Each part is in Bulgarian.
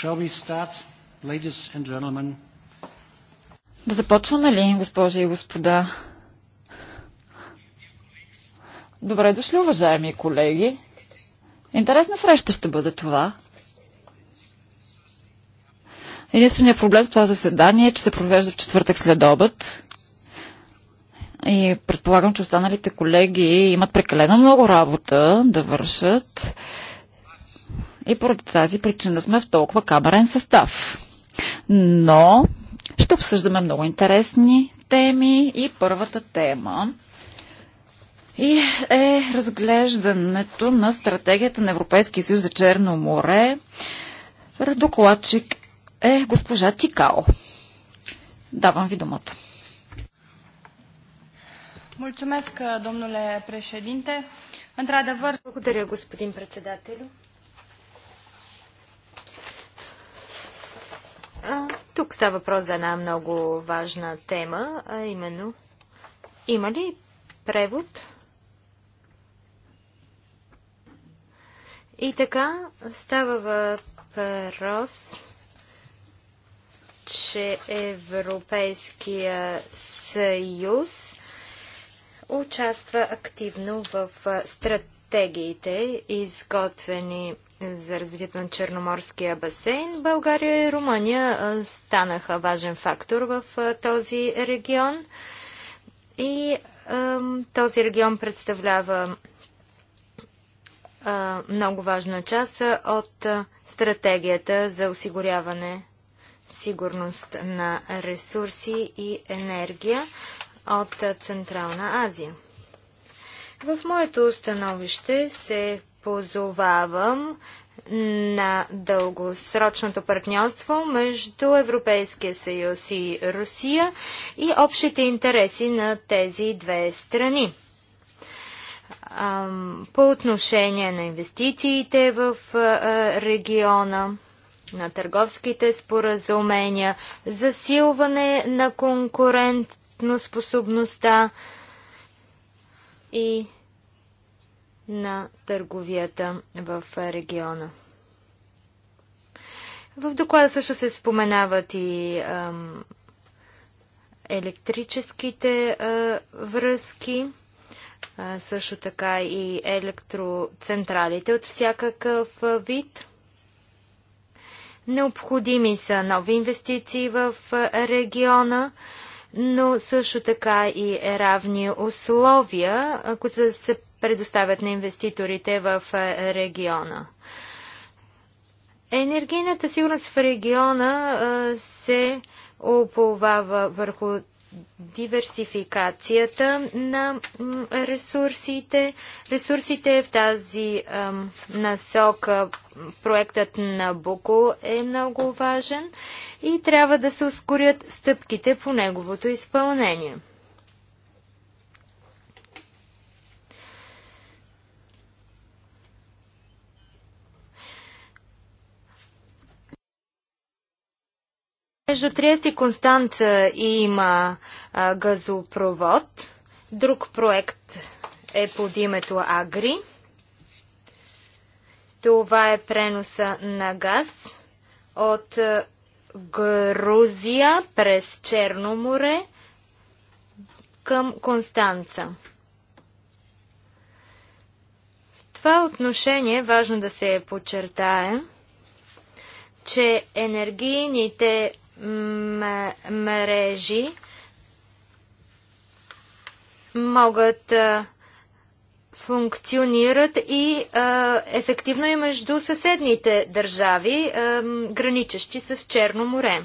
Shall we start, ladies and gentlemen? Да започваме ли, госпожи и господа? Добре дошли, уважаеми колеги. Интересна среща ще бъде това. Единственият проблем с това заседание е, че се провежда в четвъртък след обед. И предполагам, че останалите колеги имат прекалено много работа да вършат. И поради тази причина сме в толкова камерен състав. Но ще обсъждаме много интересни теми и първата тема и е разглеждането на стратегията на Европейския съюз за Черно море. Докладчик е госпожа Тикао. Давам ви думата. Mulțumesc, domnule președinte. Într-adevăr... Благодаря, господин председателю. Тук става въпрос за една много важна тема, а именно има ли превод? И така става въпрос, че Европейския съюз участва активно в стратегиите, изготвени за развитието на Черноморския басейн, България и Румъния станаха важен фактор в този регион. И този регион представлява много важна част от стратегията за осигуряване сигурност на ресурси и енергия от Централна Азия. В моето становище се позовавам на дългосрочното партньорство между Европейския съюз и Русия и общите интереси на тези две страни. По отношение на инвестициите в региона, на търговските споразумения, засилване на конкурентноспособността и на търговията в региона. В доклада също се споменават и ам, електрическите а, връзки, а, също така и електроцентралите от всякакъв вид. Необходими са нови инвестиции в региона, но също така и равни условия, които да се предоставят на инвеститорите в региона. Енергийната сигурност в региона се оповава върху диверсификацията на ресурсите. Ресурсите в тази насока проектът на Буко е много важен и трябва да се ускорят стъпките по неговото изпълнение. Между Триест и Констанца има а, газопровод. Друг проект е под името Агри. Това е преноса на газ от Грузия през Черно море към Констанца. В това отношение важно да се подчертае, че енергийните мрежи могат да функционират и а, ефективно и между съседните държави, а, граничещи с Черно море.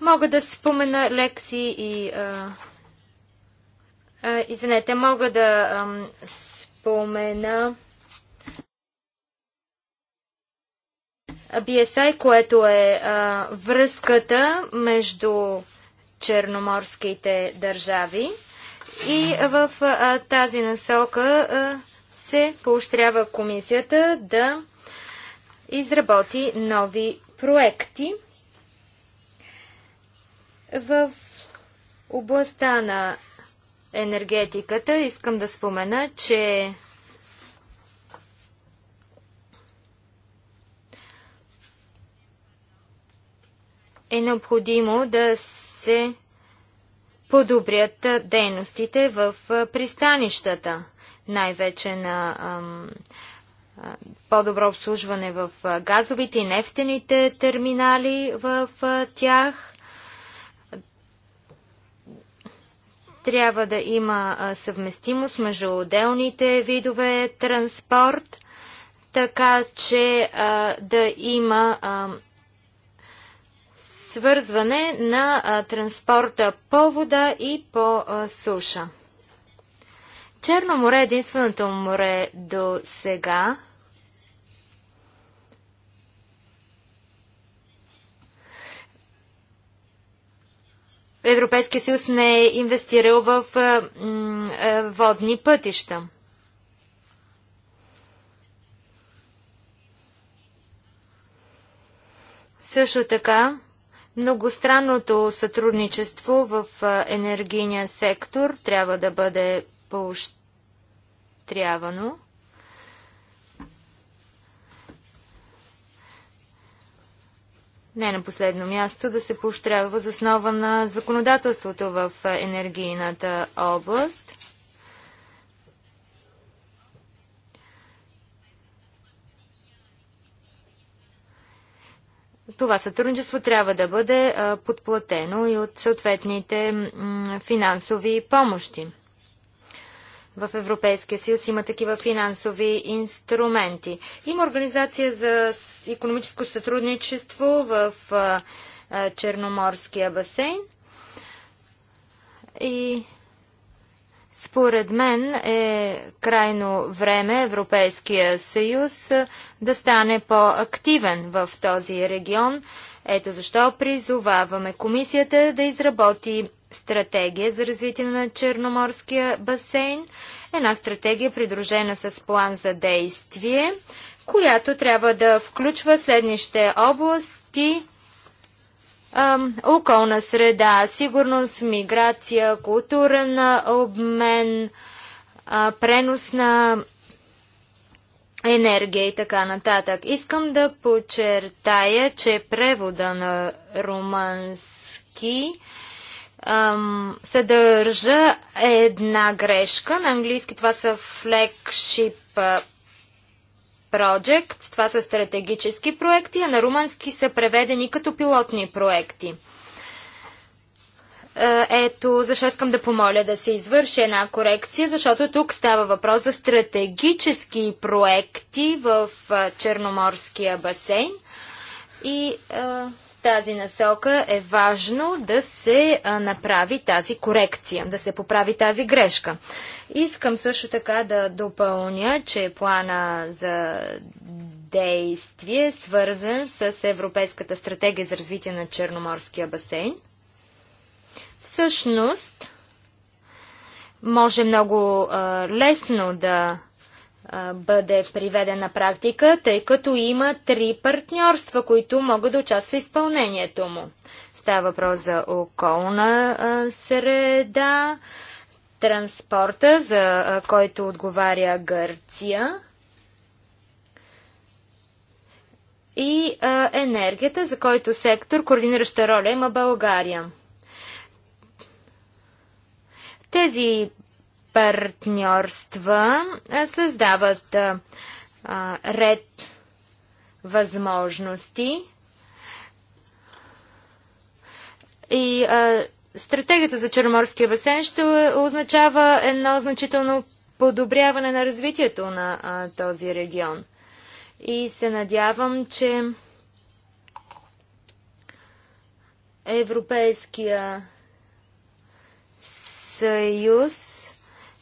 Мога да спомена лекси и. А, а, извинете, мога да а, спомена. BSI, което е а, връзката между черноморските държави. И в а, тази насока а, се поощрява комисията да изработи нови проекти в областта на енергетиката. Искам да спомена, че е необходимо да се подобрят дейностите в пристанищата, най-вече на по-добро обслужване в газовите и нефтените терминали в тях. Трябва да има съвместимост между отделните видове транспорт, така че да има свързване на транспорта по вода и по суша. Черно море е единственото море до сега, Европейския съюз не е инвестирал в водни пътища. Също така, Многостранното сътрудничество в енергийния сектор трябва да бъде поощрявано. Не на последно място да се поощрява възоснова на законодателството в енергийната област – това сътрудничество трябва да бъде подплатено и от съответните финансови помощи. В Европейския съюз има такива финансови инструменти. Има организация за економическо сътрудничество в Черноморския басейн и според мен е крайно време Европейския съюз да стане по-активен в този регион. Ето защо призоваваме комисията да изработи стратегия за развитие на Черноморския басейн, една стратегия придружена с план за действие, която трябва да включва следнище области околна среда, сигурност, миграция, културен обмен, пренос на енергия и така нататък. Искам да подчертая, че превода на румънски ам, съдържа една грешка. На английски това са flagship Project, това са стратегически проекти, а на румънски са преведени като пилотни проекти. Е, ето, защо искам да помоля да се извърши една корекция, защото тук става въпрос за стратегически проекти в е, Черноморския басейн. И е, тази насока е важно да се направи тази корекция, да се поправи тази грешка. Искам също така да допълня, че плана за действие е свързан с Европейската стратегия за развитие на Черноморския басейн. Всъщност, може много а, лесно да бъде приведен на практика, тъй като има три партньорства, които могат да участват в изпълнението му. Става въпрос за околна среда, транспорта, за който отговаря Гърция и а, енергията, за който сектор координираща роля има България. Тези партньорства създават а, ред възможности и а, стратегията за Черноморския басейн ще означава едно значително подобряване на развитието на а, този регион. И се надявам, че Европейския съюз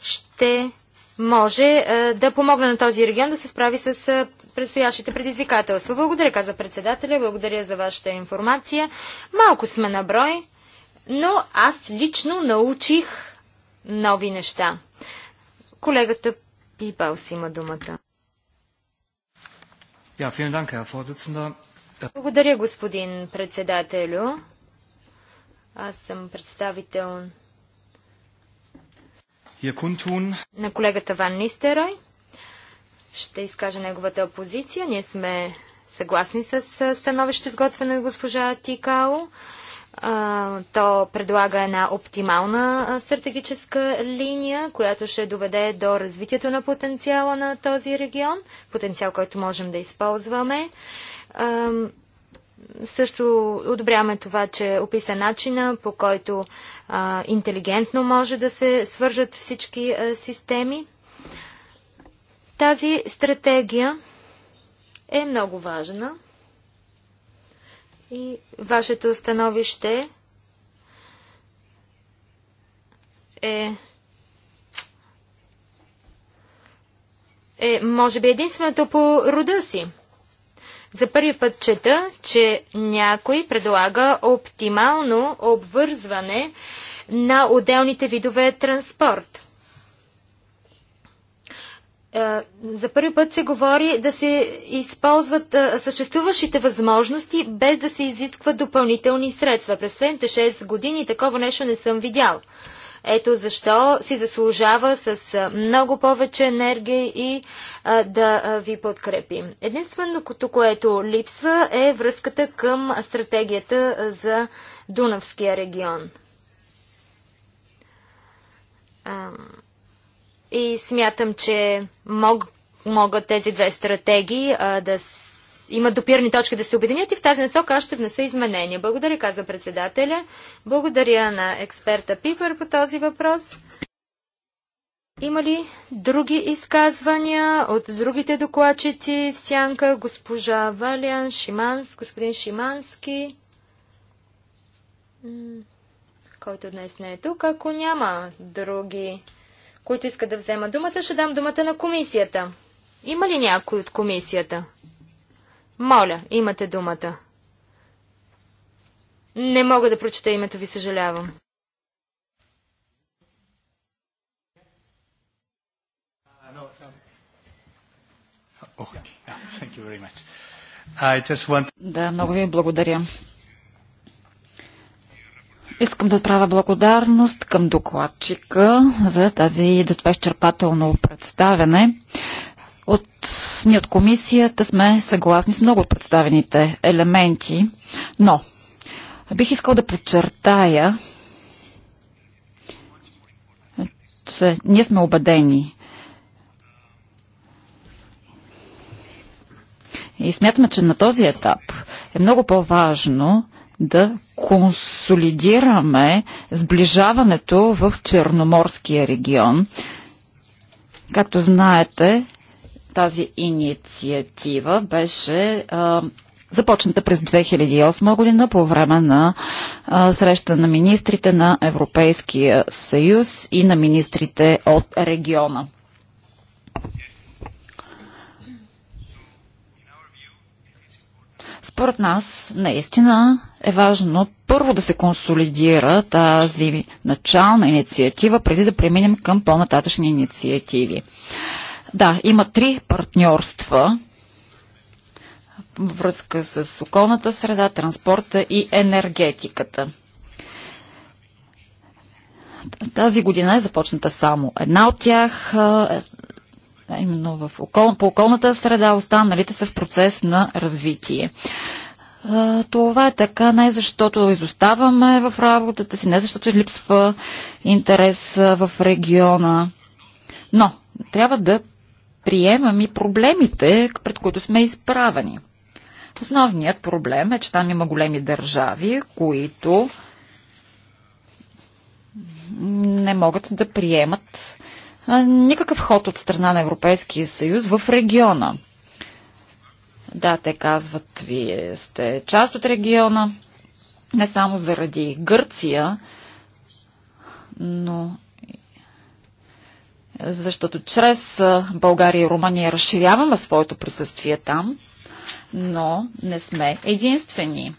ще може е, да помогне на този регион да се справи с е, предстоящите предизвикателства. Благодаря, каза председателя, благодаря за вашата информация. Малко сме на брой, но аз лично научих нови неща. Колегата Пипалс има думата. благодаря, господин председателю. Аз съм представител на колегата Ван Нистерой. Ще изкажа неговата позиция. Ние сме съгласни с становище, изготвено и госпожа Тикао. То предлага една оптимална стратегическа линия, която ще доведе до развитието на потенциала на този регион, потенциал, който можем да използваме. Също одобряваме това, че е описа начина, по който а, интелигентно може да се свържат всички а, системи. Тази стратегия е много важна и вашето становище е е, може би, единственото по рода си. За първи път чета, че някой предлага оптимално обвързване на отделните видове транспорт. Е, за първи път се говори да се използват е, съществуващите възможности, без да се изискват допълнителни средства. През следните 6 години такова нещо не съм видял. Ето защо си заслужава с много повече енергия и а, да ви подкрепим. Единственото, което липсва е връзката към стратегията за Дунавския регион. А, и смятам, че мог, могат тези две стратегии а, да се имат допирни точки да се объединят и в тази насока аз ще внеса изменения. Благодаря, каза председателя. Благодаря на експерта Пипер по този въпрос. Има ли други изказвания от другите докладчици в сянка? Госпожа Валиан, Шиманс, господин Шимански, който днес не е тук. Ако няма други, които искат да взема думата, ще дам думата на комисията. Има ли някой от комисията? Моля, имате думата. Не мога да прочета името ви, съжалявам. Да, много ви благодаря. Искам да отправя благодарност към докладчика за тази да това изчерпателно представяне. От, ние от комисията сме съгласни с много от представените елементи, но бих искал да подчертая, че ние сме убедени и смятаме, че на този етап е много по-важно да консолидираме сближаването в Черноморския регион. Както знаете, тази инициатива беше а, започната през 2008 година по време на а, среща на министрите на Европейския съюз и на министрите от региона. Според нас, наистина е важно първо да се консолидира тази начална инициатива, преди да преминем към по-нататъчни инициативи. Да, има три партньорства във връзка с околната среда, транспорта и енергетиката. Тази година е започната само една от тях, е, именно в окол... по околната среда, останалите са в процес на развитие. Това е така не защото изоставаме в работата си, не защото липсва интерес в региона, но трябва да приемам и проблемите, пред които сме изправени. Основният проблем е, че там има големи държави, които не могат да приемат никакъв ход от страна на Европейския съюз в региона. Да, те казват, вие сте част от региона, не само заради Гърция, но защото чрез България и Румъния разширяваме своето присъствие там, но не сме единствени.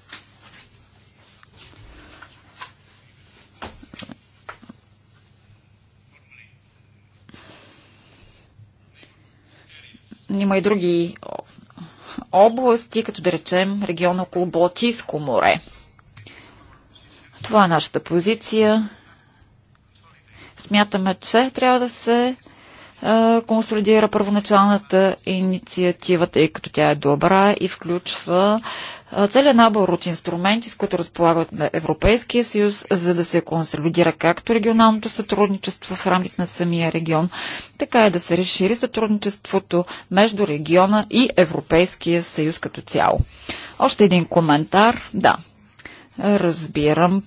Има и други области, като да речем региона около Балтийско море. Това е нашата позиция. Смятаме, че трябва да се консолидира първоначалната инициатива, тъй като тя е добра и включва целият набор от инструменти, с които разполагат на Европейския съюз, за да се консолидира както регионалното сътрудничество в рамките на самия регион, така и да се разшири сътрудничеството между региона и Европейския съюз като цяло. Още един коментар. Да, разбирам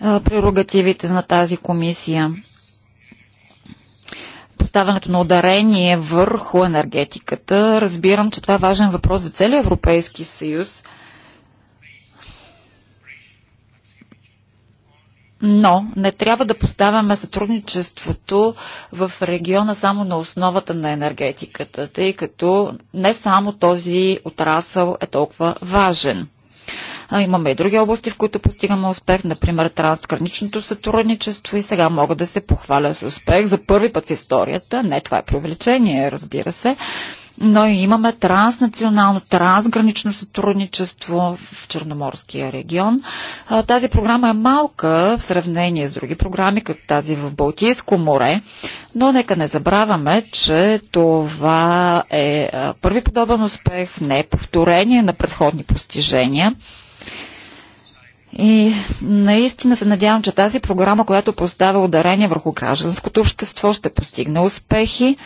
прерогативите на тази комисия. Поставянето на ударение върху енергетиката. Разбирам, че това е важен въпрос за целия Европейски съюз. Но не трябва да поставяме сътрудничеството в региона само на основата на енергетиката, тъй като не само този отрасъл е толкова важен. Имаме и други области, в които постигаме успех, например трансграничното сътрудничество и сега мога да се похваля с успех за първи път в историята. Не, това е преувеличение, разбира се но и имаме транснационално, трансгранично сътрудничество в Черноморския регион. Тази програма е малка в сравнение с други програми, като тази в Балтийско море, но нека не забравяме, че това е първи подобен успех, не е повторение на предходни постижения. И наистина се надявам, че тази програма, която поставя ударение върху гражданското общество, ще постигне успехи.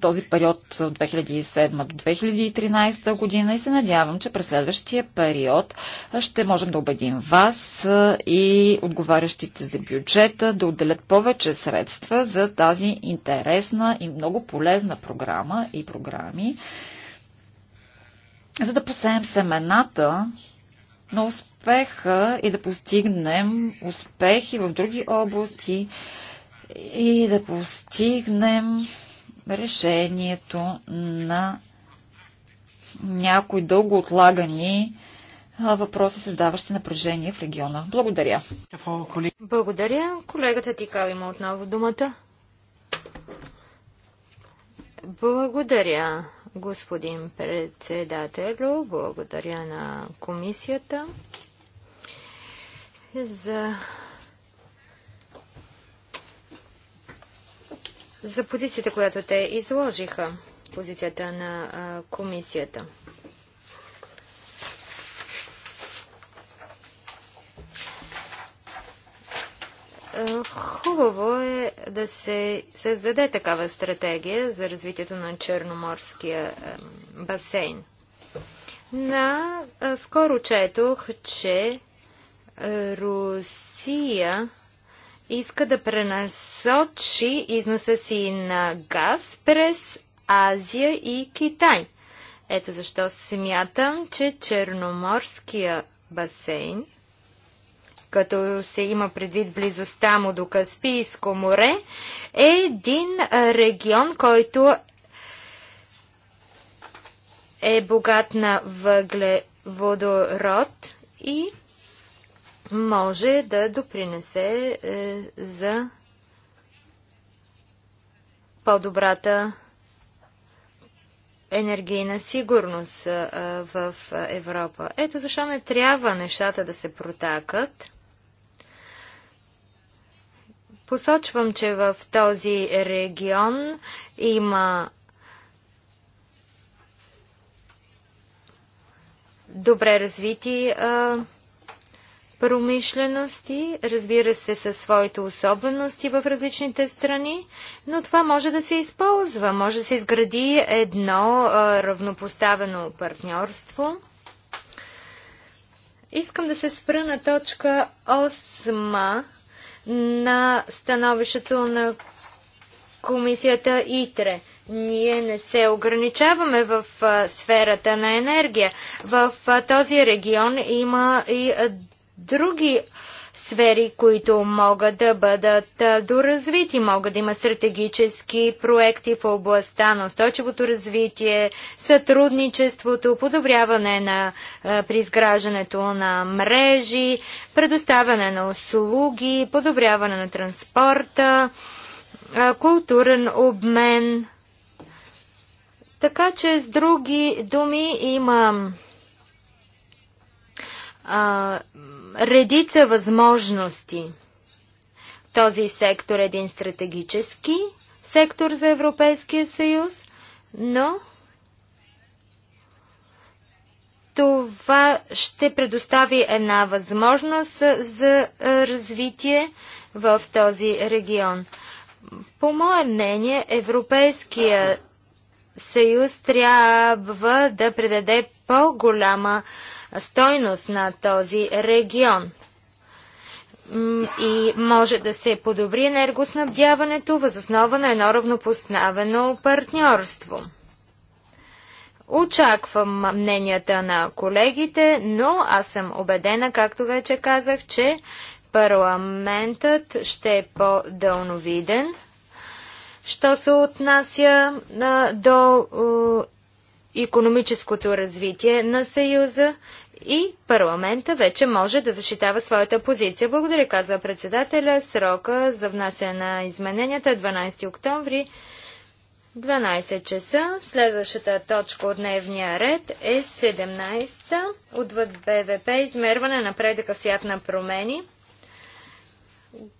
Този период от 2007 до 2013 година и се надявам, че през следващия период ще можем да убедим вас и отговарящите за бюджета да отделят повече средства за тази интересна и много полезна програма и програми, за да посеем семената на успеха и да постигнем успехи в други области и да постигнем решението на някои дълго отлагани въпроси, създаващи напрежение в региона. Благодаря. Благодаря. Колегата Тикал има отново думата. Благодаря господин председателю. Благодаря на комисията за за позицията, която те изложиха, позицията на комисията. Е, хубаво е да се създаде такава стратегия за развитието на Черноморския е, басейн. На е, скоро четох, че Русия иска да пренасочи износа си на газ през Азия и Китай. Ето защо смятам, че Черноморския басейн – като се има предвид близостта му до Каспийско море, е един регион, който е богат на въглеводород и може да допринесе е, за по-добрата енергийна сигурност е, в Европа. Ето защо не трябва нещата да се протакат. Посочвам, че в този регион има добре развити а, промишлености, разбира се, със своите особености в различните страни, но това може да се използва. Може да се изгради едно а, равнопоставено партньорство. Искам да се спра на точка 8 на становището на комисията ИТРЕ. Ние не се ограничаваме в а, сферата на енергия. В а, този регион има и а, други а, сфери, които могат да бъдат доразвити. Могат да има стратегически проекти в областта на устойчивото развитие, сътрудничеството, подобряване на при изграждането на мрежи, предоставяне на услуги, подобряване на транспорта, културен обмен. Така че с други думи има редица възможности. Този сектор е един стратегически сектор за Европейския съюз, но това ще предостави една възможност за е, развитие в този регион. По мое мнение, Европейския съюз трябва да придаде по-голяма стойност на този регион и може да се подобри енергоснабдяването възоснова на едно равнопоставено партньорство. Очаквам мненията на колегите, но аз съм убедена, както вече казах, че парламентът ще е по-дълновиден. Що се отнася а, до а, економическото развитие на Съюза и парламента вече може да защитава своята позиция. Благодаря, казва председателя. Срока за внасяне на измененията е 12 октомври. 12 часа. Следващата точка от дневния ред е 17 та от ВВП измерване на предъка свят на промени.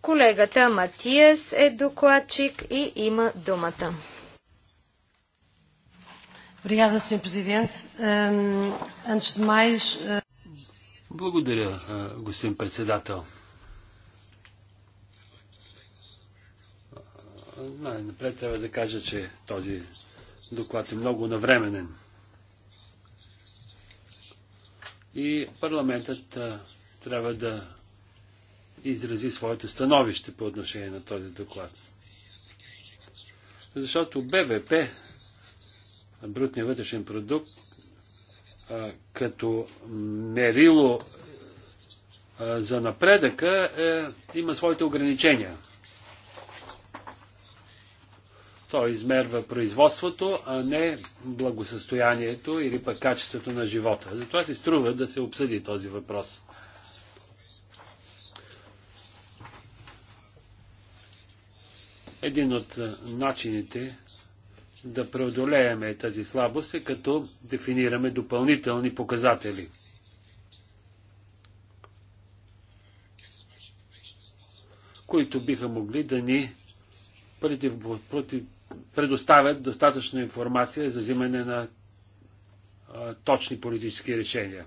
Колегата Матиас е докладчик и има думата. Ehm, eh, Благодаря, е, господин председател. Е, най-напред трябва да кажа, че този доклад е много навременен. И парламентът е, трябва да изрази своето становище по отношение на този доклад. Защото БВП, брутния вътрешен продукт, като мерило за напредъка, е, има своите ограничения. Той измерва производството, а не благосъстоянието или пък качеството на живота. Затова се струва да се обсъди този въпрос. Един от начините да преодолеем тази слабост е като дефинираме допълнителни показатели. които биха могли да ни против, против, предоставят достатъчно информация за взимане на а, точни политически решения.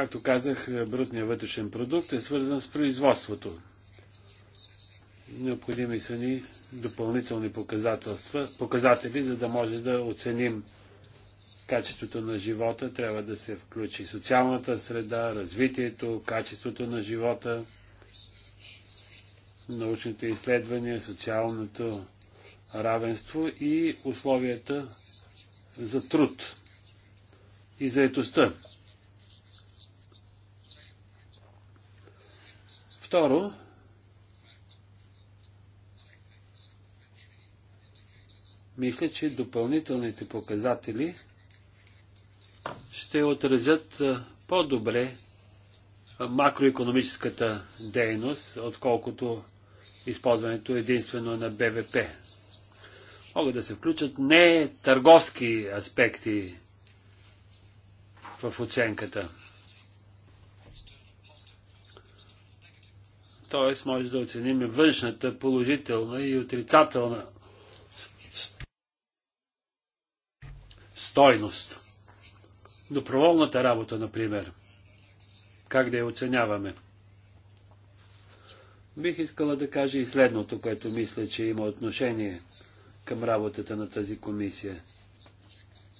Както казах, е, брутният вътрешен продукт е свързан с производството. Необходими са ни допълнителни показателства, показатели, за да може да оценим качеството на живота. Трябва да се включи социалната среда, развитието, качеството на живота, научните изследвания, социалното равенство и условията за труд и заетостта. Второ, мисля, че допълнителните показатели ще отразят по-добре макроекономическата дейност, отколкото използването единствено на БВП. Могат да се включат не търговски аспекти в оценката. Т.е. може да оценим външната положителна и отрицателна стойност. Доброволната работа, например. Как да я оценяваме? Бих искала да кажа и следното, което мисля, че има отношение към работата на тази комисия.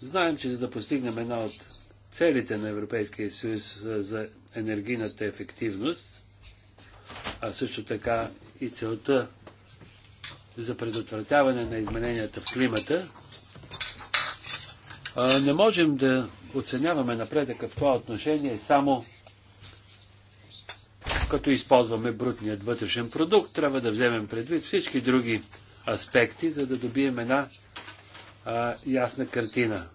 Знаем, че за да постигнем една от целите на Европейския съюз за енергийната ефективност, а също така и целта за предотвратяване на измененията в климата, не можем да оценяваме напредъка в това отношение само като използваме брутният вътрешен продукт. Трябва да вземем предвид всички други аспекти, за да добием една а, ясна картина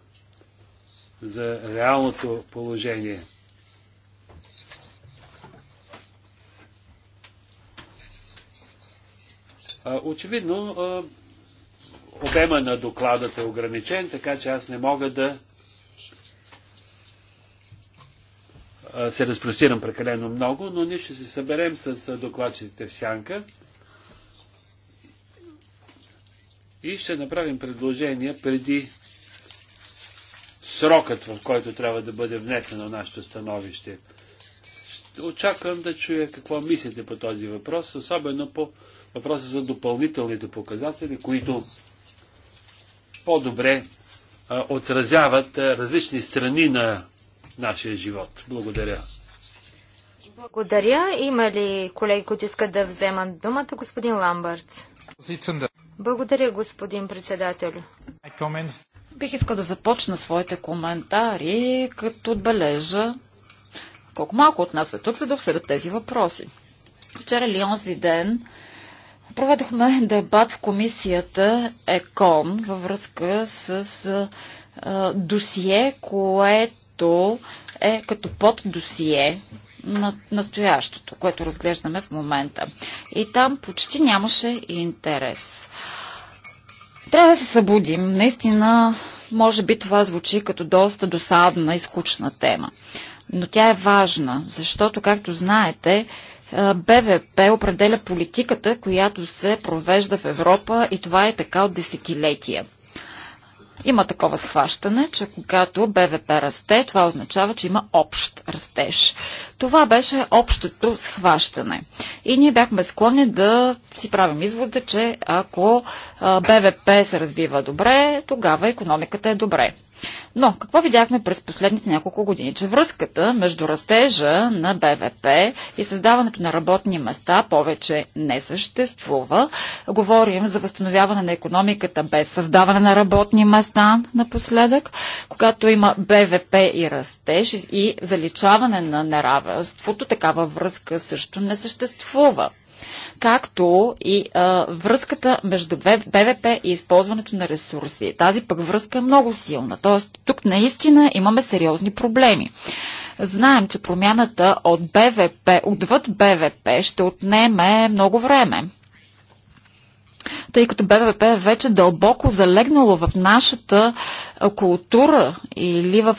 за реалното положение – Очевидно, обема на докладът е ограничен, така че аз не мога да се разпростирам прекалено много, но ние ще се съберем с докладчиците в сянка и ще направим предложения преди срокът, в който трябва да бъде внесено нашето становище очаквам да чуя какво мислите по този въпрос, особено по въпроса за допълнителните показатели, които по-добре отразяват а, различни страни на нашия живот. Благодаря. Благодаря. Има ли колеги, които искат да вземат думата? Господин Ламбърт. Благодаря, господин председател. Бих искал да започна своите коментари, като отбележа, колко малко от нас е тук, за да обсъдят тези въпроси. Вчера или онзи ден проведохме дебат в комисията ЕКОН във връзка с а, досие, което е като поддосие на настоящото, което разглеждаме в момента. И там почти нямаше интерес. Трябва да се събудим. Наистина, може би това звучи като доста досадна и скучна тема но тя е важна, защото, както знаете, БВП определя политиката, която се провежда в Европа и това е така от десетилетия. Има такова схващане, че когато БВП расте, това означава, че има общ растеж. Това беше общото схващане. И ние бяхме склонни да си правим извода, че ако БВП се развива добре, тогава економиката е добре. Но какво видяхме през последните няколко години? Че връзката между растежа на БВП и създаването на работни места повече не съществува. Говорим за възстановяване на економиката без създаване на работни места напоследък, когато има БВП и растеж и заличаване на неравенството, такава връзка също не съществува както и а, връзката между БВП и използването на ресурси. Тази пък връзка е много силна. Тоест, тук наистина имаме сериозни проблеми. Знаем, че промяната от БВП, отвъд БВП, ще отнеме много време тъй като БВП е вече дълбоко залегнало в нашата култура или в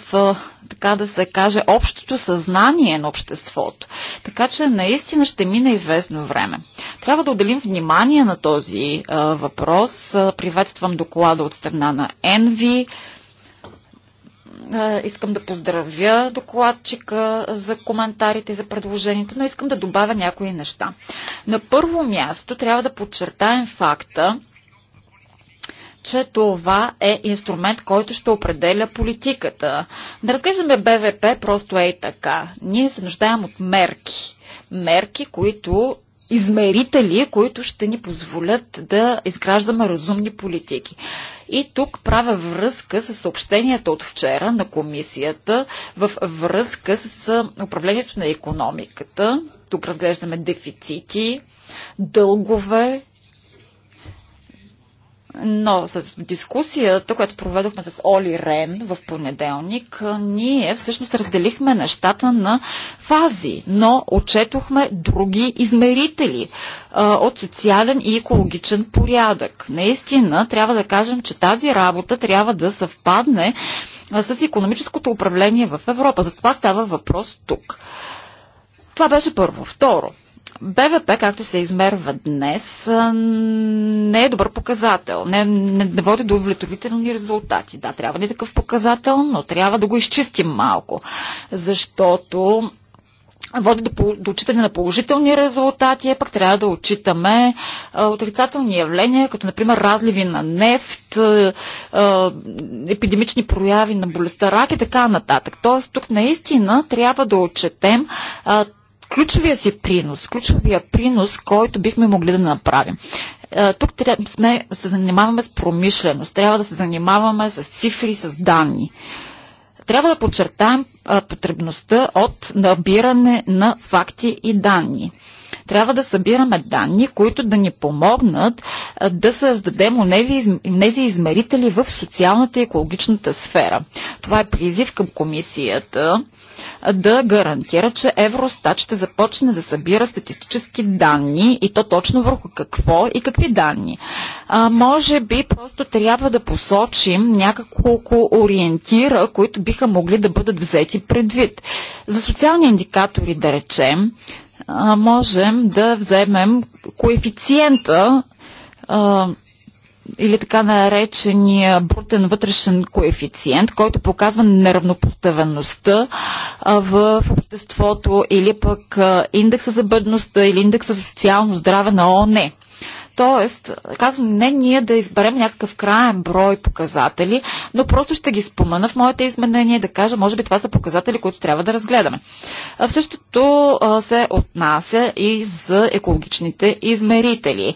така да се каже, общото съзнание на обществото. Така че наистина ще мине известно време. Трябва да отделим внимание на този а, въпрос. Приветствам доклада от страна на Енви. Е, искам да поздравя докладчика за коментарите и за предложението, но искам да добавя някои неща. На първо място трябва да подчертаем факта, че това е инструмент, който ще определя политиката. Да разглеждаме БВП просто е и така. Ние се нуждаем от мерки. Мерки, които измерители, които ще ни позволят да изграждаме разумни политики. И тук правя връзка с съобщенията от вчера на комисията в връзка с управлението на економиката. Тук разглеждаме дефицити, дългове но с дискусията, която проведохме с Оли Рен в понеделник, ние всъщност разделихме нещата на фази, но отчетохме други измерители а, от социален и екологичен порядък. Наистина трябва да кажем, че тази работа трябва да съвпадне а, с економическото управление в Европа. За това става въпрос тук. Това беше първо. Второ, БВП, както се измерва днес, не е добър показател. Не, не, не води до удовлетворителни резултати. Да, трябва ни е такъв показател, но трябва да го изчистим малко. Защото води до, до отчитане на положителни резултати, пък трябва да отчитаме а, отрицателни явления, като например разливи на нефт, а, а, епидемични прояви на болестта рак и така нататък. Тоест тук наистина трябва да отчетем а, ключовия си принос, ключовия принос, който бихме могли да направим. Е, тук трябва, сме, се занимаваме с промишленост, трябва да се занимаваме с цифри, с данни. Трябва да подчертаем е, потребността от набиране на факти и данни. Трябва да събираме данни, които да ни помогнат да създадем тези измерители в социалната и екологичната сфера. Това е призив към комисията да гарантира, че Евростат ще започне да събира статистически данни и то точно върху какво и какви данни. А, може би просто трябва да посочим няколко ориентира, които биха могли да бъдат взети предвид. За социални индикатори, да речем, а, можем да вземем коефициента а, или така наречения брутен вътрешен коефициент, който показва неравнопоставеността в обществото или пък индекса за бъдността или индекса за социално здраве на ОНЕ. Тоест, казвам, не ние да изберем някакъв краен брой показатели, но просто ще ги спомена в моите изменения и да кажа, може би това са показатели, които трябва да разгледаме. В същото се отнася и за екологичните измерители.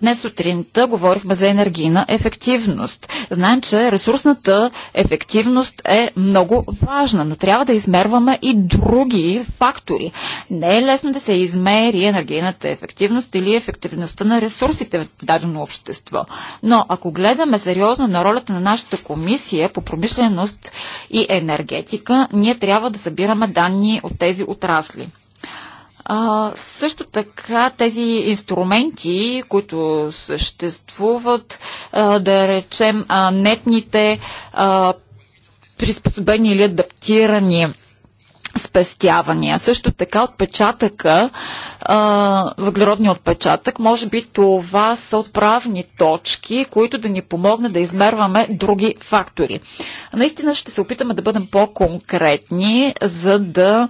Днес сутринта говорихме за енергийна ефективност. Знаем, че ресурсната ефективност е много важна, но трябва да измерваме и други фактори. Не е лесно да се измери енергийната ефективност или ефективността на ресурсите ресурсите в дадено общество. Но ако гледаме сериозно на ролята на нашата комисия по промишленост и енергетика, ние трябва да събираме данни от тези отрасли. А, също така тези инструменти, които съществуват, а, да речем а, нетните а, приспособени или адаптирани спестявания. Също така отпечатъка, въглеродния отпечатък, може би това са отправни точки, които да ни помогнат да измерваме други фактори. Наистина ще се опитаме да бъдем по-конкретни, за да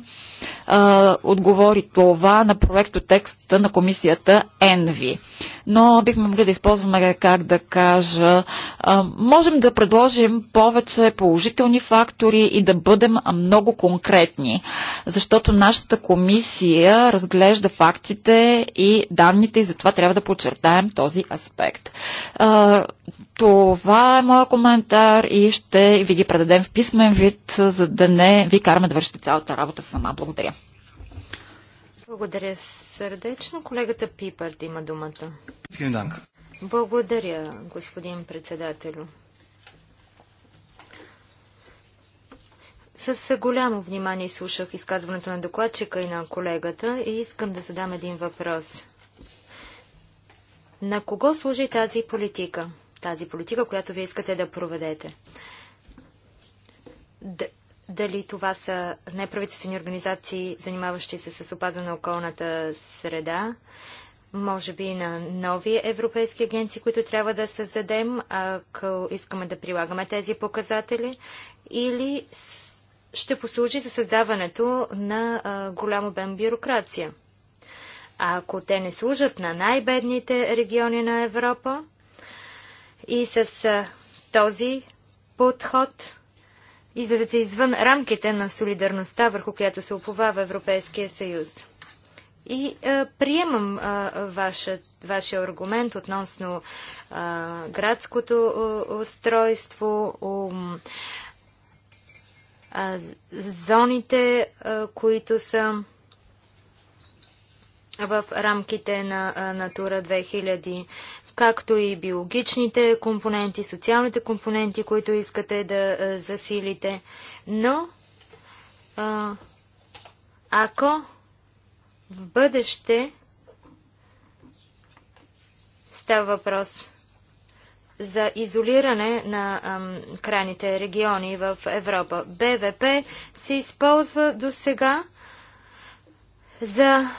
а, отговори това на проекто текста на комисията Envi. Но бихме могли да използваме, как да кажа, а, можем да предложим повече положителни фактори и да бъдем много конкретни защото нашата комисия разглежда фактите и данните и затова трябва да подчертаем този аспект. Това е моят коментар и ще ви ги предадем в писмен вид, за да не ви караме да вършите цялата работа сама. Благодаря. Благодаря сърдечно. Колегата Пипърт има думата. Благодаря, господин председателю. С голямо внимание слушах изказването на докладчика и на колегата и искам да задам един въпрос. На кого служи тази политика? Тази политика, която вие искате да проведете. Д дали това са неправителствени организации, занимаващи се с опаза на околната среда, може би на нови европейски агенции, които трябва да създадем, ако искаме да прилагаме тези показатели, или ще послужи за създаването на а, голям обем бюрокрация. А ако те не служат на най-бедните региони на Европа и с а, този подход излезете извън рамките на солидарността, върху която се оповава Европейския съюз. И а, приемам а, ваша, вашия аргумент относно а, градското устройство, а, зоните, а, които са в рамките на Натура 2000, както и биологичните компоненти, социалните компоненти, които искате да а, засилите. Но а, ако в бъдеще става въпрос за изолиране на ам, крайните региони в Европа. БВП се използва до сега за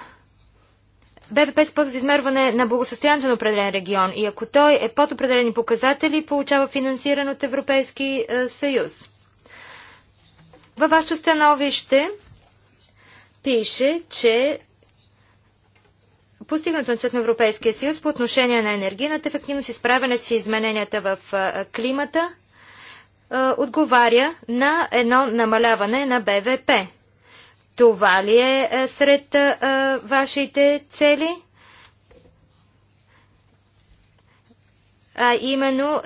БВП се използва за измерване на благосостоянието на определен регион и ако той е под определени показатели, получава финансиране от Европейски е, съюз. Във вашето становище пише, че постигнато на на Европейския съюз по отношение на енергийната ефективност и справяне с измененията в климата отговаря на едно намаляване на БВП. Това ли е сред вашите цели? А именно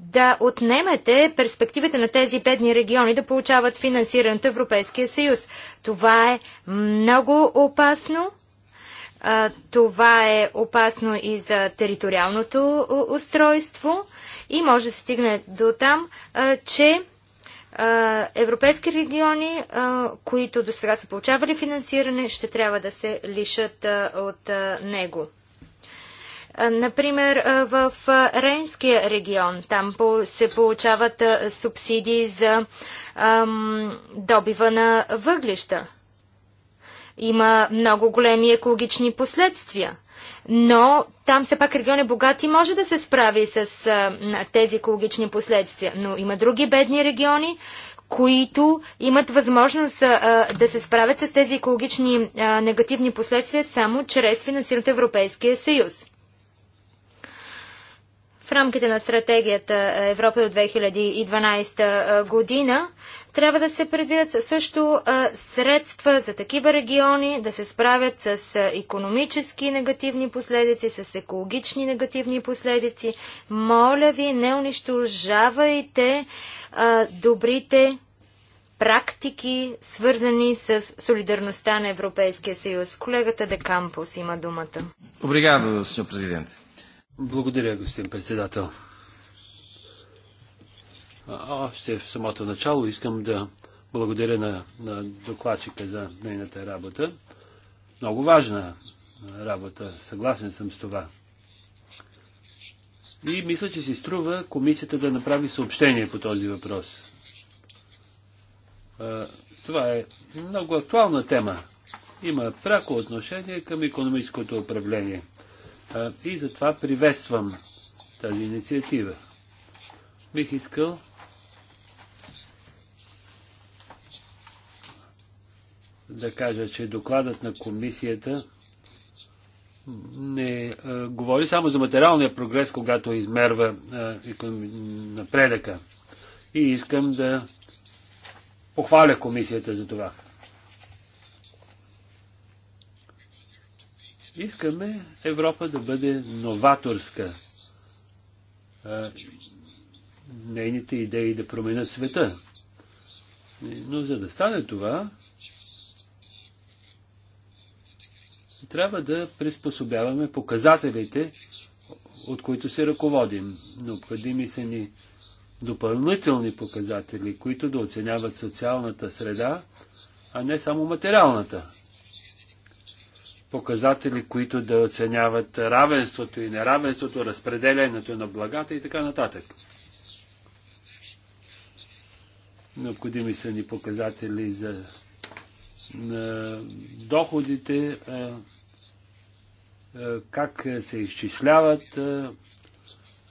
да отнемете перспективите на тези бедни региони да получават финансирането Европейския съюз. Това е много опасно това е опасно и за териториалното устройство и може да се стигне до там, че европейски региони, които до сега са получавали финансиране, ще трябва да се лишат от него. Например, в Рейнския регион, там се получават субсидии за добива на въглища. Има много големи екологични последствия. Но там все пак регион е богат и може да се справи с а, тези екологични последствия. Но има други бедни региони, които имат възможност а, да се справят с тези екологични а, негативни последствия само чрез финансирането Европейския съюз в рамките на стратегията Европа от 2012 година трябва да се предвидят също средства за такива региони да се справят с економически негативни последици, с екологични негативни последици. Моля ви, не унищожавайте добрите практики, свързани с солидарността на Европейския съюз. Колегата Декампус има думата. Обригадо, сеньор президент. Благодаря, господин председател. Още в самото начало искам да благодаря на, на докладчика за нейната работа. Много важна работа, съгласен съм с това. И мисля, че си струва комисията да направи съобщение по този въпрос. Това е много актуална тема. Има пряко отношение към економическото управление – и затова приветствам тази инициатива. Бих искал да кажа, че докладът на комисията не а, говори само за материалния прогрес, когато измерва а, напредъка. И искам да похваля комисията за това. Искаме Европа да бъде новаторска. Нейните идеи да променят света. Но за да стане това, трябва да приспособяваме показателите, от които се ръководим. Необходими са ни допълнителни показатели, които да оценяват социалната среда, а не само материалната показатели, които да оценяват равенството и неравенството, разпределението на благата и така нататък. Необходими са ни показатели за на доходите, как се изчисляват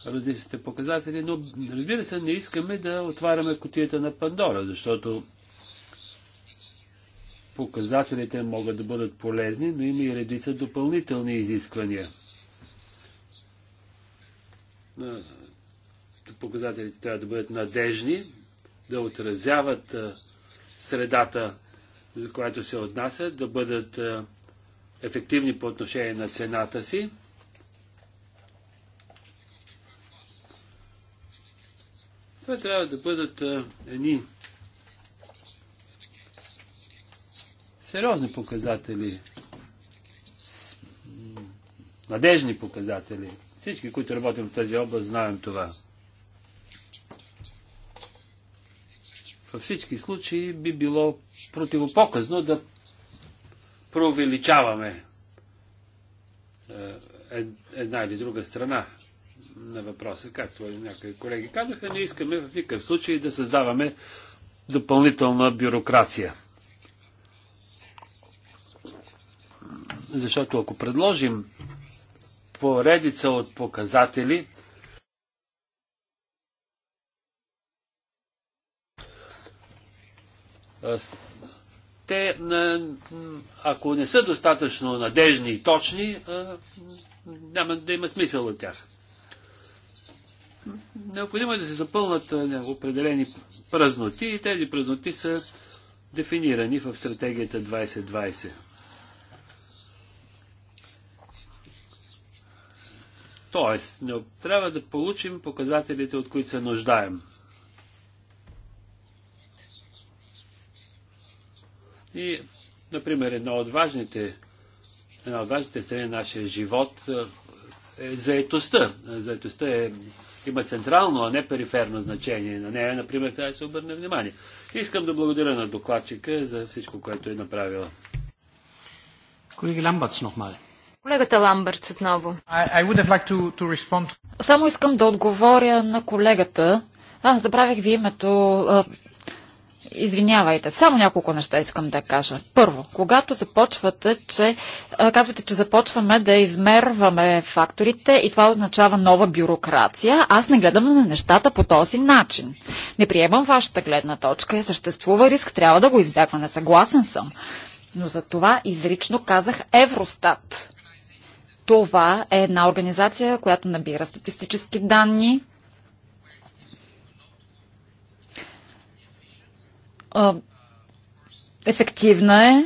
различните показатели, но разбира се, не искаме да отваряме котията на Пандора, защото показателите могат да бъдат полезни, но има и редица допълнителни изисквания. Показателите трябва да бъдат надежни, да отразяват средата, за която се отнасят, да бъдат ефективни по отношение на цената си. Това трябва да бъдат едни сериозни показатели, надежни показатели. Всички, които работим в тази област, знаем това. Във всички случаи би било противопоказно да преувеличаваме е, една или друга страна на въпроса, както някои колеги казаха, не искаме в никакъв случай да създаваме допълнителна бюрокрация. Защото ако предложим поредица от показатели, те, ако не са достатъчно надежни и точни, няма да има смисъл от тях. Необходимо е да се запълнат определени празноти и тези празноти са дефинирани в стратегията 2020. Тоест, не трябва да получим показателите, от които се нуждаем. И, например, една от важните, една от важните страни на нашия живот е, е заетостта. Заетостта е, има централно, а не периферно значение. На нея, например, трябва да се обърне внимание. Искам да благодаря на докладчика за всичко, което е направила. Колеги Ламбац, нохмал. Колегата Ламбъртс отново. I, I like to, to Само искам да отговоря на колегата. А, забравих ви името. Извинявайте, само няколко неща искам да кажа. Първо, когато започвате, че казвате, че започваме да измерваме факторите и това означава нова бюрокрация, аз не гледам на нещата по този начин. Не приемам вашата гледна точка. Съществува риск, трябва да го избягваме. Съгласен съм. Но за това изрично казах Евростат. Това е една организация, която набира статистически данни. Ефективна е.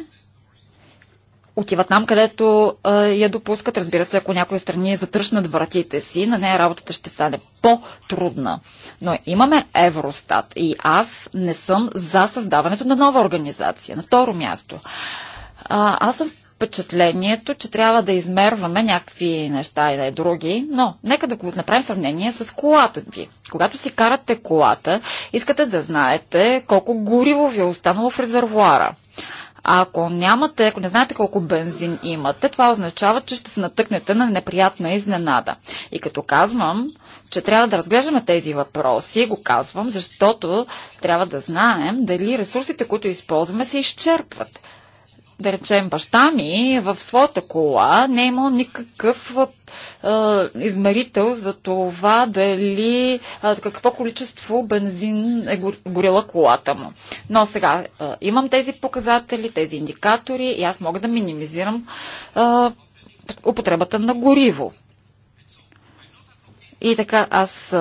Отиват там, където я допускат. Разбира се, ако някои страни е затръщнат вратите си, на нея работата ще стане по-трудна. Но имаме Евростат и аз не съм за създаването на нова организация. На второ място. аз съм впечатлението, че трябва да измерваме някакви неща и да е други, но нека да го направим сравнение с колата ви. Когато си карате колата, искате да знаете колко гориво ви е останало в резервуара. А ако нямате, ако не знаете колко бензин имате, това означава, че ще се натъкнете на неприятна изненада. И като казвам, че трябва да разглеждаме тези въпроси, го казвам, защото трябва да знаем дали ресурсите, които използваме, се изчерпват да речем, баща ми в своята кола не е имал никакъв е, измерител за това дали е, какво количество бензин е горела колата му. Но сега е, имам тези показатели, тези индикатори и аз мога да минимизирам е, употребата на гориво. И така, аз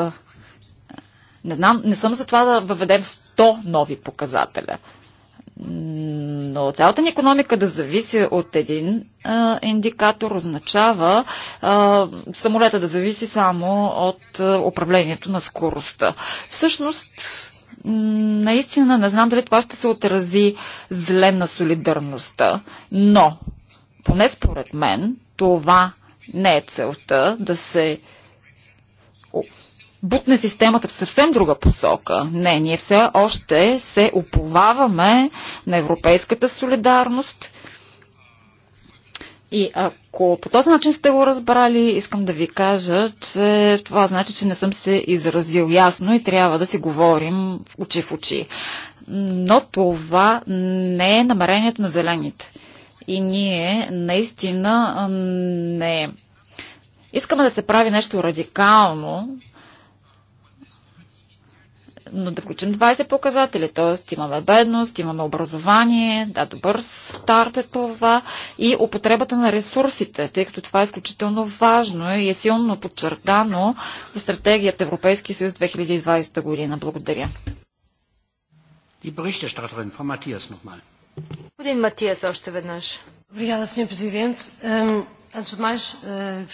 не знам, не съм за това да въведем 100 нови показателя но цялата ни економика да зависи от един а, индикатор означава а, самолета да зависи само от а, управлението на скоростта. Всъщност, наистина не знам дали това ще се отрази зле на солидарността, но поне според мен това не е целта да се бутне системата в съвсем друга посока. Не, ние все още се уповаваме на европейската солидарност. И ако по този начин сте го разбрали, искам да ви кажа, че това значи, че не съм се изразил ясно и трябва да си говорим очи в очи. Но това не е намерението на зелените. И ние наистина не искаме да се прави нещо радикално, но да включим 20 показатели, т.е. имаме бедност, имаме образование, да, добър старт е това и употребата на ресурсите, тъй като това е изключително важно и е силно подчертано в стратегията Европейски съюз 2020 година. Благодаря. Господин Матиас още веднъж. Obrigada, Sr. Presidente. Eh,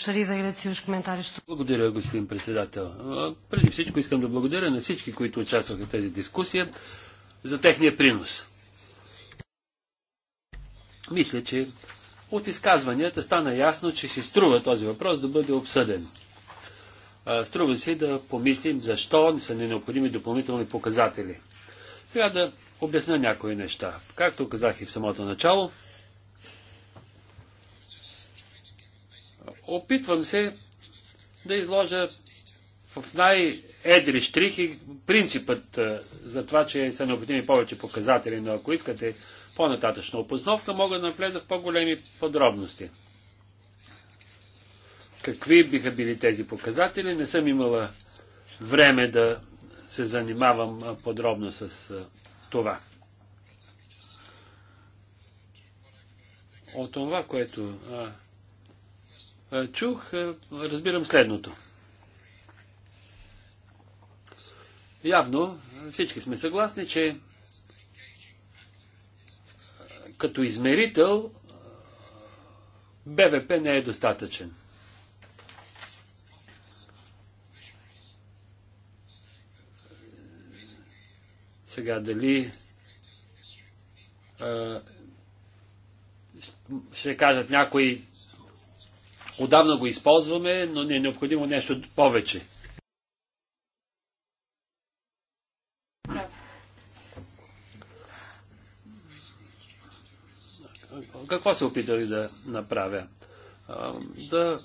благодаря, господин председател. Преди всичко искам да благодаря на всички, които участваха в тази дискусия за техния принос. Мисля, че от изказванията стана ясно, че си струва този въпрос да бъде обсъден. Струва си да помислим защо са ни необходими допълнителни показатели. Трябва да обясня някои неща. Както казах и в самото начало, Опитвам се да изложа в най-едри штрихи принципът е, за това, че са необходими повече показатели, но ако искате по-нататъчна опознавка, мога да навледа в по-големи подробности. Какви биха били тези показатели? Не съм имала време да се занимавам е, подробно с е, това. От това, което е, чух, е, разбирам следното. Явно всички сме съгласни, че е, като измерител БВП не е достатъчен. Сега дали а, ще кажат някои Отдавна го използваме, но не е необходимо нещо повече. Какво се опитали да направя? Да,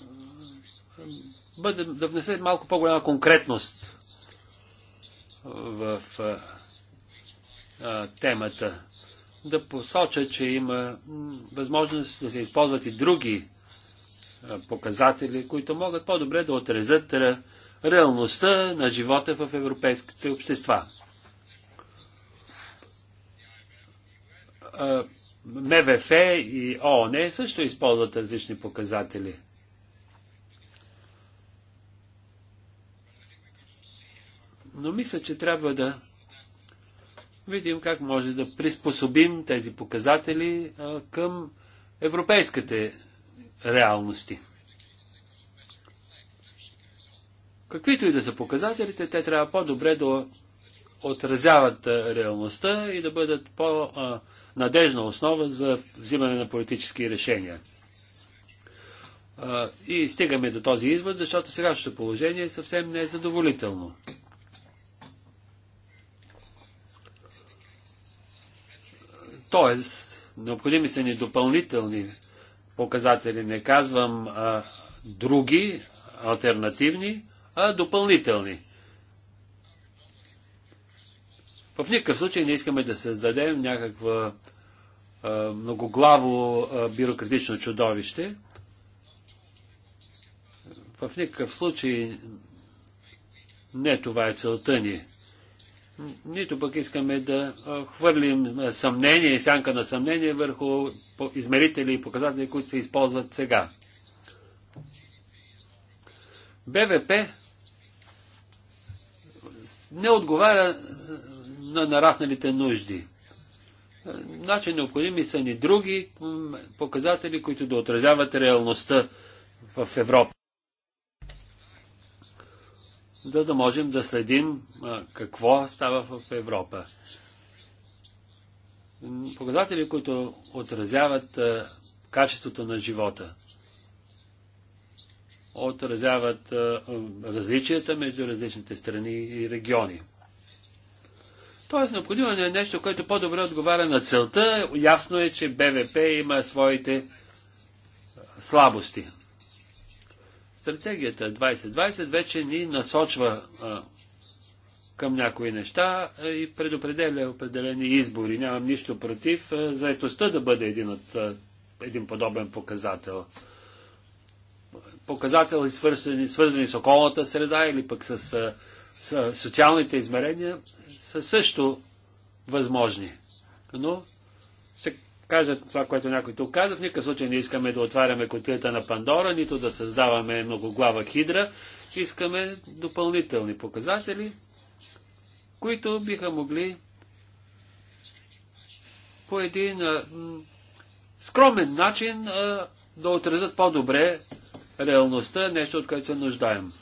бъде, да внесе малко по-голяма конкретност в а, темата. Да посоча, че има възможност да се използват и други показатели, които могат по-добре да отрезат реалността на живота в европейските общества. МВФ и ООН също използват различни показатели. Но мисля, че трябва да видим как може да приспособим тези показатели към европейските реалности. Каквито и да са показателите, те трябва по-добре да отразяват реалността и да бъдат по-надежна основа за взимане на политически решения. И стигаме до този извод, защото сегашното положение е съвсем не е задоволително. Тоест, необходими са ни допълнителни показатели. Не казвам а, други, альтернативни, а допълнителни. В никакъв случай не искаме да създадем някаква а, многоглаво а, бюрократично чудовище. В никакъв случай не това е целта ни нито пък искаме да хвърлим съмнение, сянка на съмнение върху измерители и показатели, които се използват сега. БВП не отговаря на нарасналите нужди. Значи необходими са ни други показатели, които да отразяват реалността в Европа за да можем да следим какво става в Европа. Показатели, които отразяват качеството на живота, отразяват различията между различните страни и региони. Тоест, необходимо е нещо, което по-добре отговаря на целта. Ясно е, че БВП има своите слабости. Стратегията 2020 вече ни насочва а, към някои неща и предопределя определени избори. Нямам нищо против заедостта да бъде един, от, един подобен показател. Показатели, свързани, свързани с околната среда или пък с, с, с социалните измерения, са също възможни. Но Кажат това, което някой тук каза. В никакъв случай не искаме да отваряме котията на Пандора, нито да създаваме многоглава хидра. Искаме допълнителни показатели, които биха могли по един а, скромен начин а, да отразят по-добре реалността, нещо от което се нуждаем.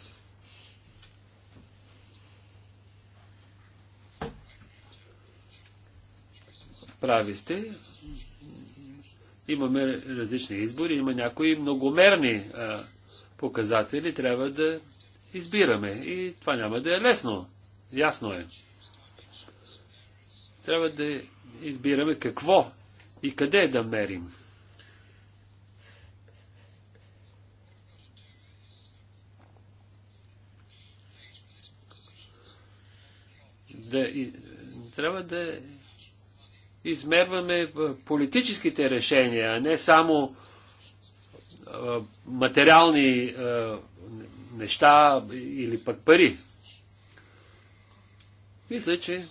Прави сте, Имаме различни избори, има някои многомерни а, показатели, трябва да избираме. И това няма да е лесно. Ясно е. Трябва да избираме какво и къде да мерим. Да, и, трябва да измерваме политическите решения, а не само материални неща или пък пари. Мисля, че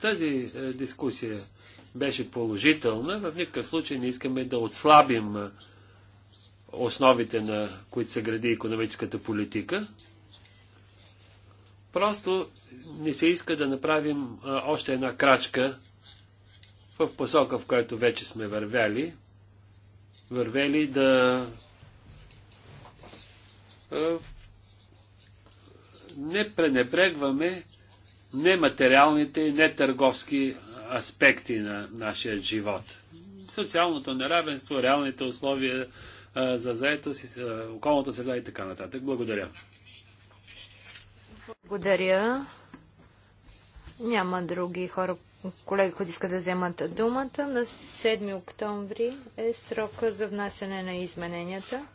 тази дискусия беше положителна. В никакъв случай не искаме да отслабим основите, на които се гради економическата политика. Просто не се иска да направим още една крачка в посока, в която вече сме вървяли, вървели да не пренебрегваме нематериалните и нетърговски аспекти на нашия живот. Социалното неравенство, реалните условия за за заетост, околната среда и така нататък. Благодаря. Благодаря. Няма други хора, колеги, които искат да вземат думата. На 7 октомври е срока за внасяне на измененията.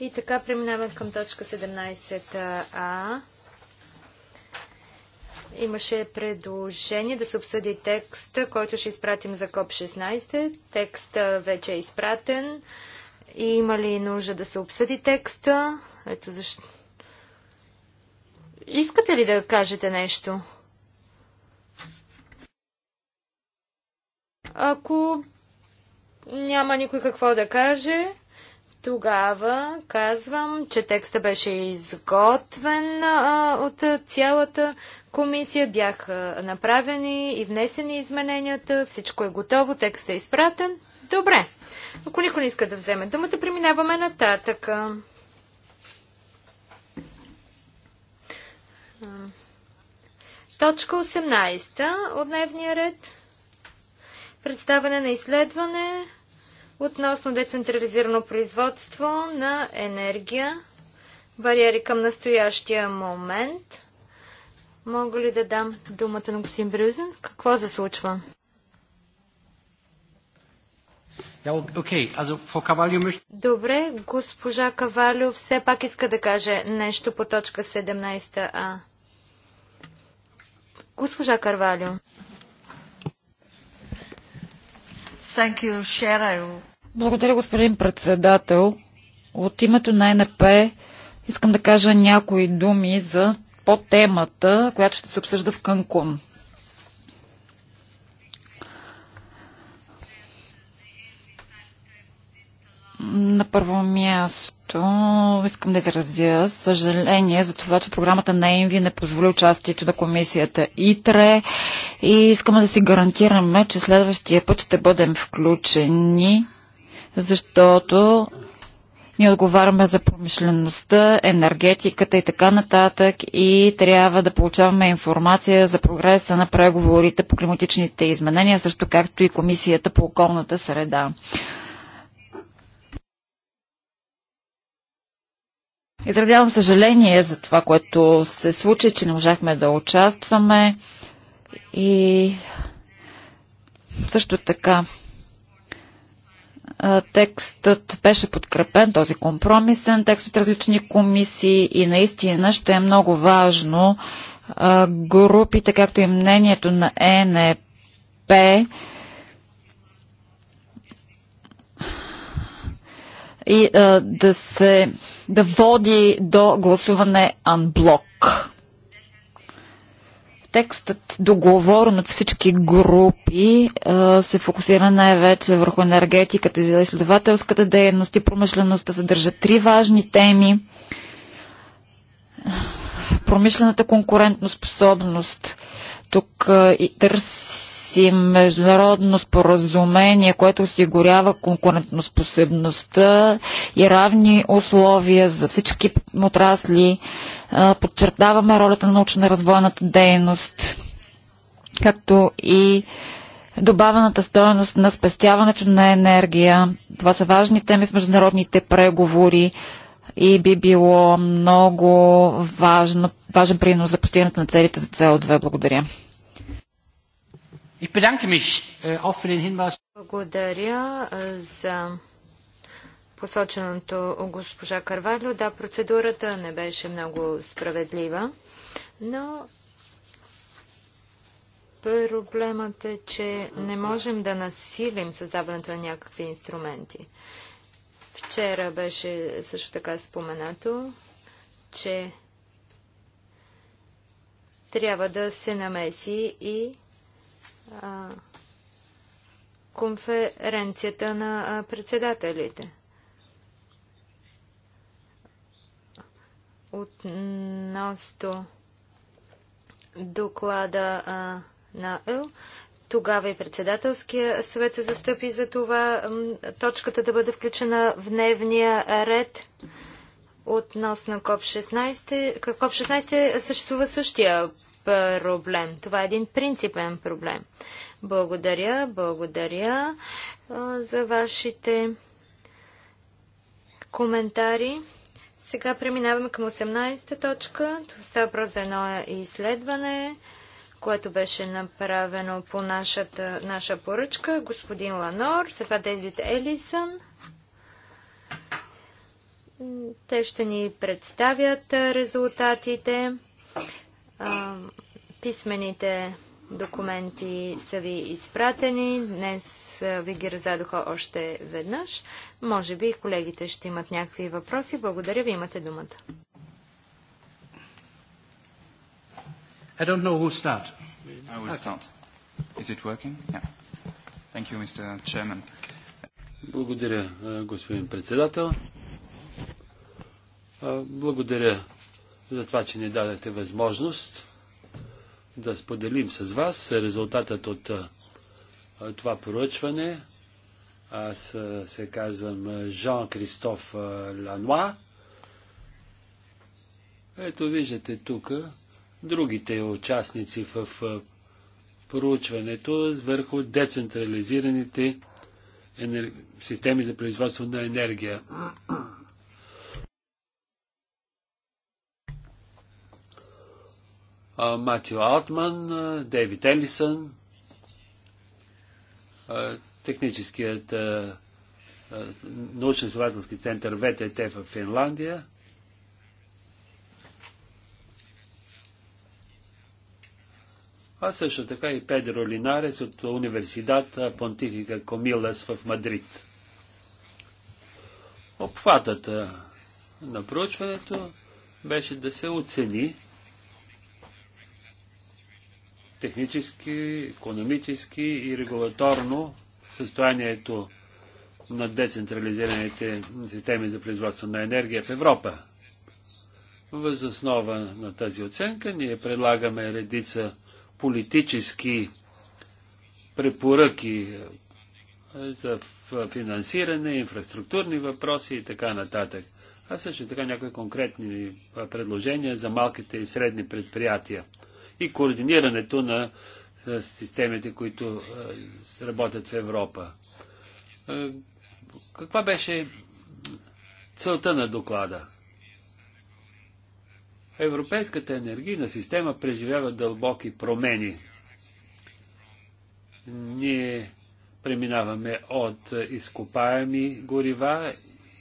И така преминаваме към точка 17а. Имаше предложение да се обсъди текст, който ще изпратим за КОП-16. Текст вече е изпратен. И има ли нужда да се обсъди текста? Ето защо. Искате ли да кажете нещо? Ако няма никой какво да каже, тогава казвам, че текста беше изготвен а, от цялата комисия, бяха направени и внесени измененията, всичко е готово, текстът е изпратен. Добре. Ако никой не иска да вземе думата, преминаваме нататък. Точка 18 от дневния ред представяне на изследване относно децентрализирано производство на енергия, бариери към настоящия момент. Мога ли да дам думата на господин Брюзен? Какво се случва? Добре, госпожа Кавалио все пак иска да каже нещо по точка 17а. Госпожа Карвалио. You, Благодаря, господин председател. От името на НП искам да кажа някои думи за по темата, която ще се обсъжда в Канкун. На първо място искам да изразя съжаление за това, че програмата на ЕМВИ не позволи участието на комисията ИТРЕ и искаме да си гарантираме, че следващия път ще бъдем включени, защото ние отговаряме за промишлеността, енергетиката и така нататък и трябва да получаваме информация за прогреса на преговорите по климатичните изменения, също както и Комисията по околната среда. Изразявам съжаление за това, което се случи, че не можахме да участваме и също така текстът беше подкрепен, този компромисен текст от различни комисии и наистина ще е много важно групите, както и мнението на ЕНЕП, и а, да се да води до гласуване анблок. Текстът, договорен от всички групи, а, се фокусира най-вече върху енергетиката и изследователската дейност и промишлеността. Съдържа три важни теми. Промишлената конкурентоспособност. Тук а, и търси си международно споразумение, което осигурява конкурентоспособността и равни условия за всички отрасли. Подчертаваме ролята на научно-развойната дейност, както и добавената стоеност на спестяването на енергия. Това са важни теми в международните преговори и би било много важно, важен принос за постигането на целите за цел 2. Благодаря. Ich bedanke mich äh, auch für den Hinweis. Благодаря за посоченото госпожа Карвалю. Да, процедурата не беше много справедлива, но проблемът е, че не можем да насилим създаването на някакви инструменти. Вчера беше също така споменато, че трябва да се намеси и конференцията на председателите. Относно доклада а, на Ел, тогава и председателския съвет се застъпи за това точката да бъде включена в дневния ред относно КОП-16. КОП-16 съществува същия проблем. Това е един принципен проблем. Благодаря, благодаря а, за вашите коментари. Сега преминаваме към 18-та точка. Това става въпрос за едно изследване, което беше направено по нашата, наша поръчка. Господин Ланор, след това Дейвид Елисън. Те ще ни представят резултатите. А, писмените документи са ви изпратени. Днес ви ги раздадоха още веднъж. Може би колегите ще имат някакви въпроси. Благодаря ви, имате думата. I don't know who start. I will start. Is it working? Yeah. Thank you, Mr. Chairman. Благодаря, господин председател. Благодаря за това, че ни дадете възможност да споделим с вас резултатът от това поръчване. Аз се казвам Жан-Кристоф Лануа. Ето виждате тук другите участници в проучването върху децентрализираните енер... системи за производство на енергия. Матио Алтман, Дейвид Елисън, техническият научно-изследователски център ВТТ в Финландия. А също така и Педро Линарес от университет Понтифика Комилас в Мадрид. Обхватът на проучването беше да се оцени технически, економически и регулаторно състоянието на децентрализираните системи за производство на енергия в Европа. Въз основа на тази оценка ние предлагаме редица политически препоръки за финансиране, инфраструктурни въпроси и така нататък. А също така някои конкретни предложения за малките и средни предприятия и координирането на системите, които работят в Европа. Каква беше целта на доклада? Европейската енергийна система преживява дълбоки промени. Ние преминаваме от изкопаеми горива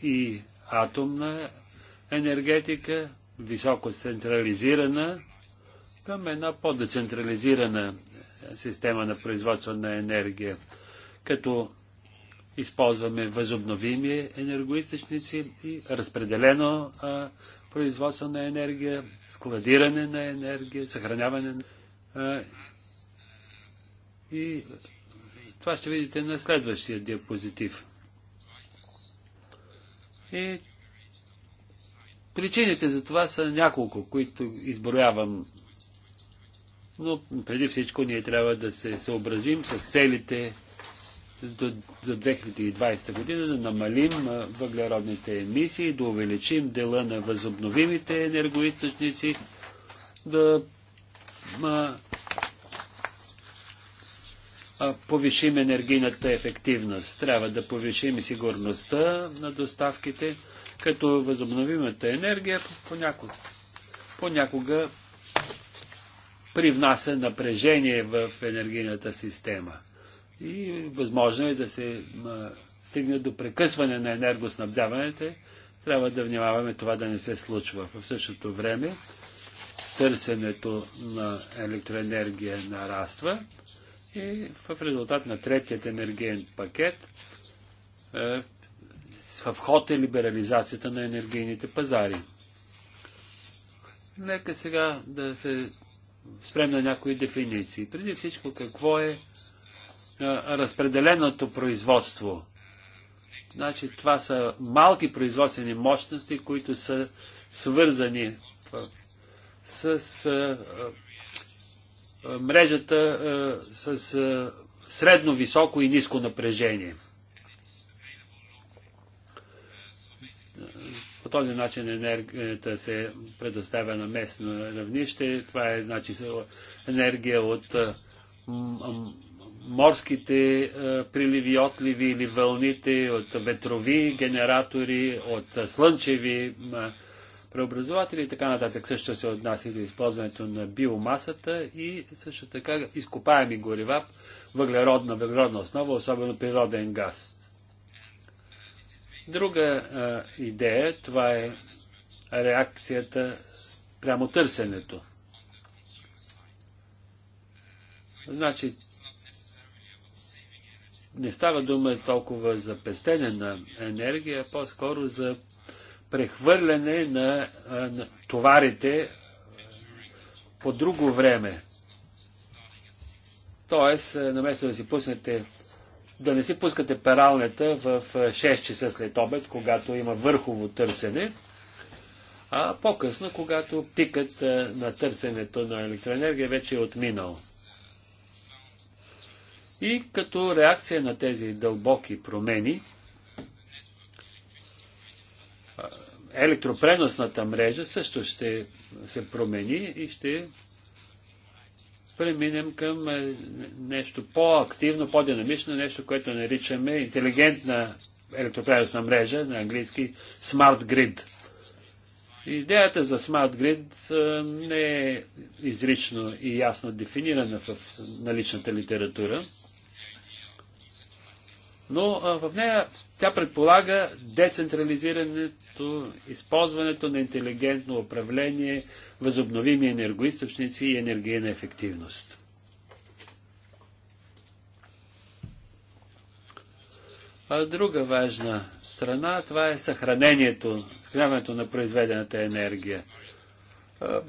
и атомна енергетика, високо централизирана към една по-децентрализирана е, система на производство на енергия, като използваме възобновими енергоисточници и разпределено а, производство на енергия, складиране на енергия, съхраняване на... И това ще видите на следващия диапозитив. И причините за това са няколко, които изброявам но преди всичко ние трябва да се съобразим с целите за 2020 година да намалим въглеродните емисии, да увеличим дела на възобновимите енергоисточници, да а, а, повишим енергийната ефективност. Трябва да повишим сигурността на доставките, като възобновимата енергия понякога, понякога привнася напрежение в енергийната система. И възможно е да се стигне до прекъсване на енергоснабдяването. Трябва да внимаваме това да не се случва. В същото време търсенето на електроенергия нараства и в резултат на третият енергиен пакет е, в ход е либерализацията на енергийните пазари. Нека сега да се спрем на някои дефиниции. Преди всичко, какво е а, разпределеното производство? Значи, това са малки производствени мощности, които са свързани с а, а, мрежата с средно, високо и ниско напрежение. този начин енергията се предоставя на местно равнище. Това е значи, енергия от морските приливи, отливи или вълните, от ветрови генератори, от слънчеви преобразователи и така нататък. Също се отнася до използването на биомасата и също така изкопаеми горива, въглеродна, въглеродна основа, особено природен газ. Друга а, идея, това е реакцията прямо търсенето. Значи, не става дума толкова за пестене на енергия, по-скоро за прехвърляне на, а, на товарите по друго време. Тоест, наместо да си пуснете да не си пускате пералнята в 6 часа след обед, когато има върхово търсене, а по-късно, когато пикът на търсенето на електроенергия вече е отминал. И като реакция на тези дълбоки промени, електропреносната мрежа също ще се промени и ще преминем към е, нещо по-активно, по-динамично, нещо, което наричаме интелигентна електропреносна мрежа, на английски Smart Grid. Идеята за Smart Grid е, не е изрично и ясно дефинирана в наличната литература но а, в нея тя предполага децентрализирането, използването на интелигентно управление, възобновими енергоисточници и енергийна ефективност. А друга важна страна, това е съхранението, съхраняването на произведената енергия.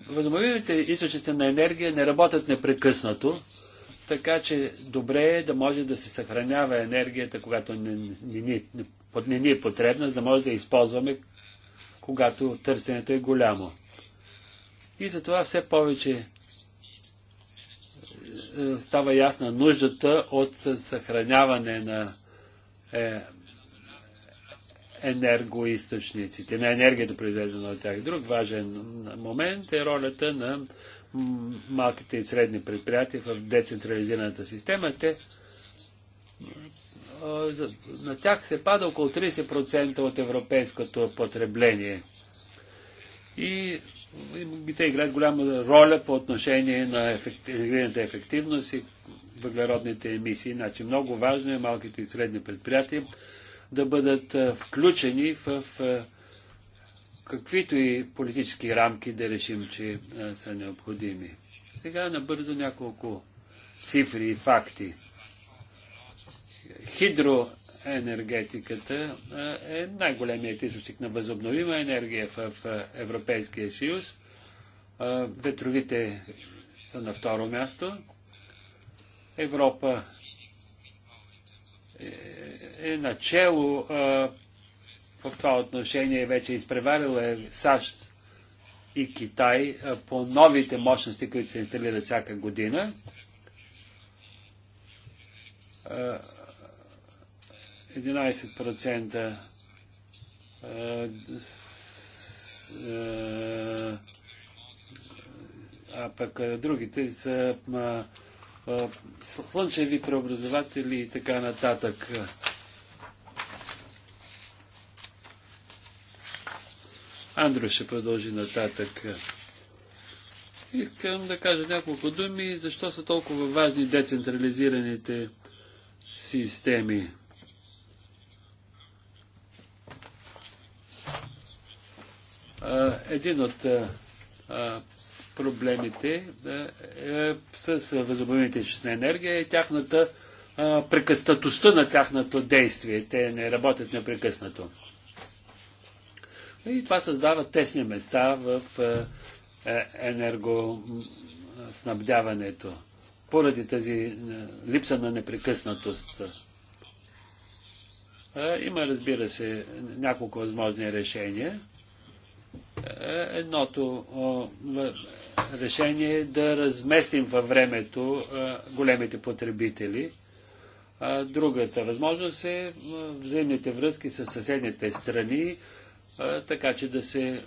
Възобновимите източници на енергия не работят непрекъснато, така че добре е да може да се съхранява енергията, когато не, не, не, не ни е потребна, за да може да използваме, когато търсенето е голямо. И затова все повече е, става ясна нуждата от съхраняване на е, енергоисточниците, на енергията, произведена от тях. Друг важен момент е ролята на малките и средни предприятия в децентрализираната система, те на тях се пада около 30% от европейското потребление. И, и те играят голяма роля по отношение на енергийната ефективност и въглеродните емисии. Значи много важно е малките и средни предприятия да бъдат включени в, в каквито и политически рамки да решим, че а, е, са необходими. Сега набързо няколко цифри и факти. Хидроенергетиката е, е най-големият източник на възобновима енергия в, Европейския съюз. Е, ветровите са на второ място. Европа е, е начало в това отношение вече изпреварила е САЩ и Китай по новите мощности, които се инсталират всяка година. Uh, 11% uh, uh, а пък другите са слънчеви преобразователи и така нататък. Андро ще продължи нататък. Искам да кажа няколко думи, защо са толкова важни децентрализираните системи. Един от проблемите е с възобновените източни енергия и е тяхната прекъснатостта на тяхното действие. Те не работят непрекъснато. И това създава тесни места в е, е, енергоснабдяването поради тази е, липса на непрекъснатост. Има, разбира се, няколко възможни решения. Едното решение е да разместим във времето големите потребители. Другата възможност е взаимните връзки с съседните страни, така че да се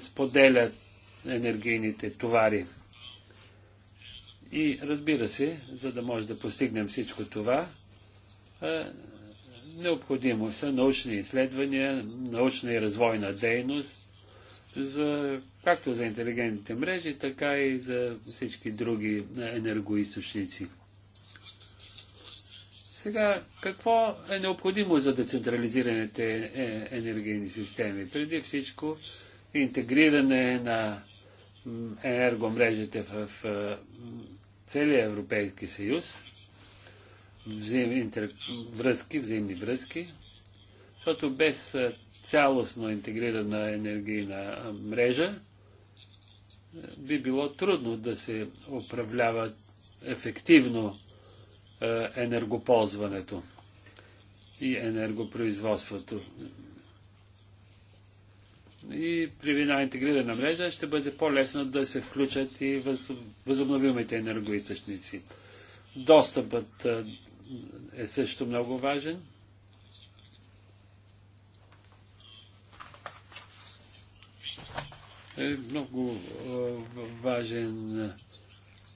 споделят енергийните товари. И разбира се, за да може да постигнем всичко това, необходимо са научни изследвания, научна и развойна дейност, за, както за интелигентните мрежи, така и за всички други енергоисточници. Сега, какво е необходимо за децентрализираните е, енергийни системи? Преди всичко, интегриране на енергомрежите в е, целия Европейски съюз, взаим, интер, връзки, взаимни връзки, защото без е, цялостно интегрирана енергийна мрежа би било трудно да се управляват ефективно е, енергоползването и енергопроизводството. И при една интегрирана мрежа ще бъде по-лесно да се включат и възобновимите енергоисточници. Достъпът е, е също много важен. Е много е, важен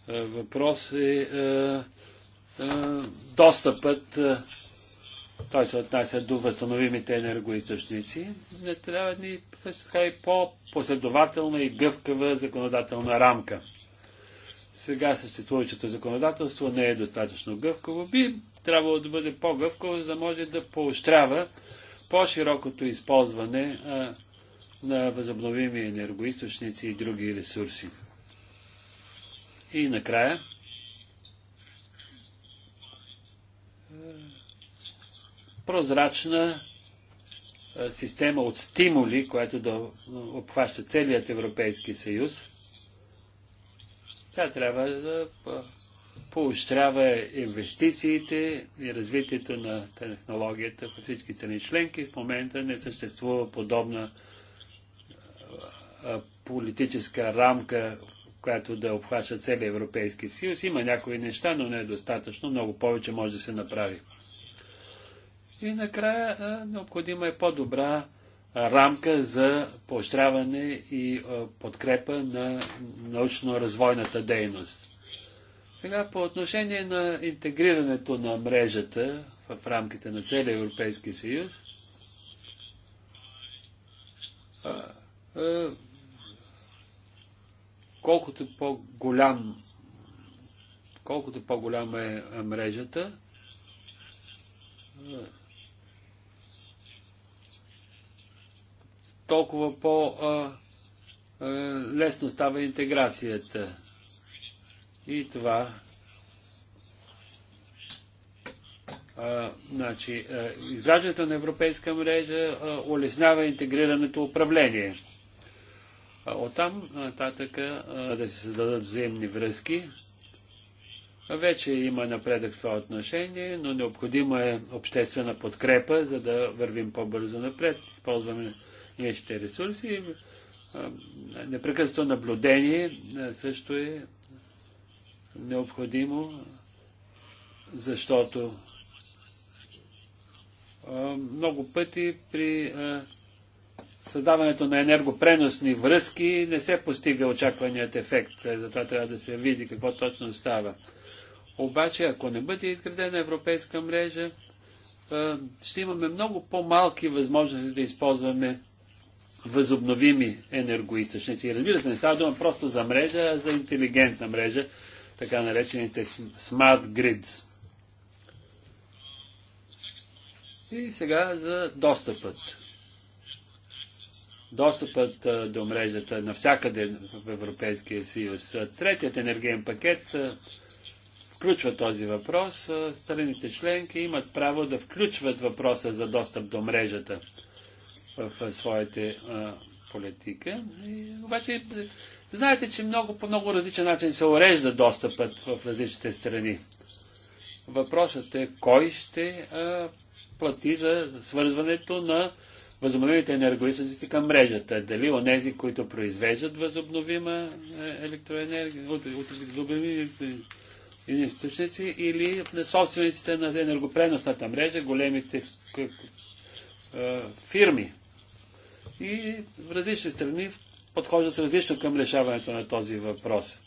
въпрос е е, достъпът, е, той се отнася до възстановимите енергоисточници, не трябва ни също така и по-последователна и гъвкава законодателна рамка. Сега съществуващото законодателство не е достатъчно гъвкаво. Би трябвало да бъде по-гъвкаво, за да може да поощрява по-широкото използване а, е, на възобновими енергоисточници и други ресурси. И накрая, прозрачна е, система от стимули, която да обхваща целият Европейски съюз. Тя трябва да е, поощрява инвестициите и развитието на технологията във всички страни членки. В момента не съществува подобна е, политическа рамка, която да обхваща целият Европейски съюз. Има някои неща, но не е достатъчно. Много повече може да се направи. И накрая необходима е по-добра рамка за поощряване и подкрепа на научно-развойната дейност. Сега по отношение на интегрирането на мрежата в рамките на целия Европейски съюз, колкото по-голям колкото по-голяма е мрежата, толкова по-лесно става интеграцията. И това а, значи, а, изграждането на европейска мрежа а, улеснява интегрираното управление. А, оттам нататък да се създадат взаимни връзки. А, вече има напредък в това отношение, но необходима е обществена подкрепа, за да вървим по-бързо напред. Използваме нашите ресурси. Непрекъснато наблюдение също е необходимо, защото много пъти при създаването на енергопреносни връзки не се постига очакваният ефект. Затова трябва да се види какво точно става. Обаче, ако не бъде изградена европейска мрежа, ще имаме много по-малки възможности да използваме възобновими енергоисточници. Разбира се, не става дума просто за мрежа, а за интелигентна мрежа, така наречените smart grids. И сега за достъпът. Достъпът до мрежата навсякъде в Европейския съюз. Третият енергиен пакет включва този въпрос. Страните членки имат право да включват въпроса за достъп до мрежата – в своите политика. И, обаче, знаете, че много, по много различен начин се урежда достъпът в различните страни. Въпросът е кой ще а, плати за свързването на възобновимите енергоисточници към мрежата. Дали онези, които произвеждат възобновима е, електроенергия, възобновими източници или на собствениците на енергопреносната мрежа, големите фирми. И в различни страни подхождат различно към решаването на този въпрос.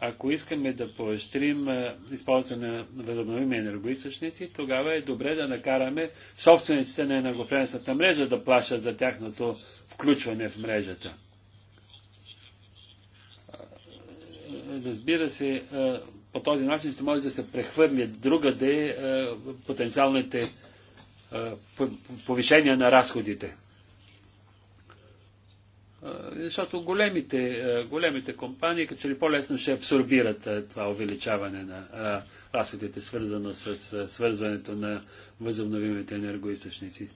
Ако искаме да поощрим използването на възобновими енергоисъчници, тогава е добре да накараме собствениците на енергопренесната мрежа да плащат за тяхното включване в мрежата. Разбира се, по този начин ще може да се прехвърли другаде потенциалните повишение на разходите. Защото големите, големите компании като ли по-лесно ще абсорбират това увеличаване на разходите, свързано с свързването на възобновимите енергоисточници.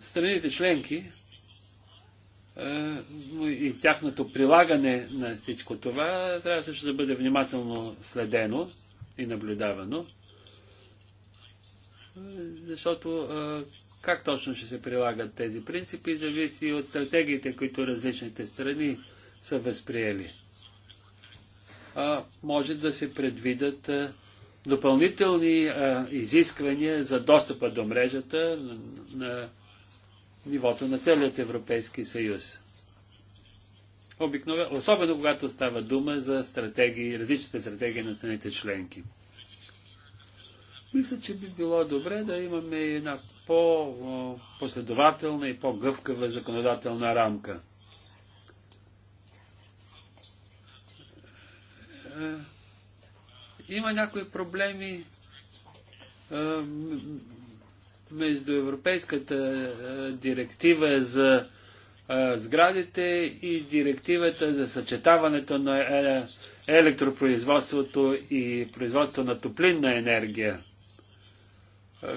Страните членки е, и тяхното прилагане на всичко това трябва също да бъде внимателно следено и наблюдавано. Защото е, как точно ще се прилагат тези принципи зависи от стратегиите, които различните страни са възприели. А, може да се предвидат а, е, допълнителни а, изисквания за достъпа до мрежата на, на нивото на целият Европейски съюз. Обикнове, особено когато става дума за стратегии, различните стратегии на страните членки. Мисля, че би било добре да имаме една по-последователна и по-гъвкава законодателна рамка. Е, има някои проблеми е, между Европейската директива за сградите и директивата за съчетаването на е, електропроизводството и производството на топлинна енергия.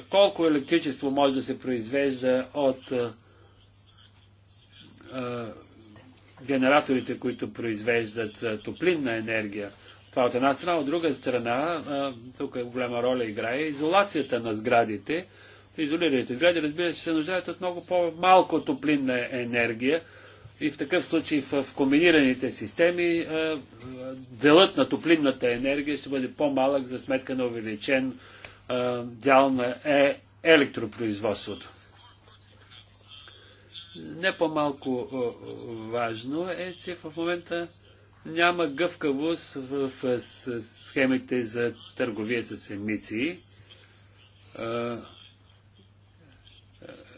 Колко електричество може да се произвежда от генераторите, които произвеждат топлинна енергия. Това от една страна, от друга страна, тук е голяма роля играе изолацията на сградите, изолираните сгради, разбира се, се нуждаят от много по-малко топлинна енергия и в такъв случай в комбинираните системи делът на топлинната енергия ще бъде по-малък за сметка на увеличен дял на е електропроизводството. Не по-малко важно е, че в момента няма гъвкавост в, в схемите за търговия с емисии.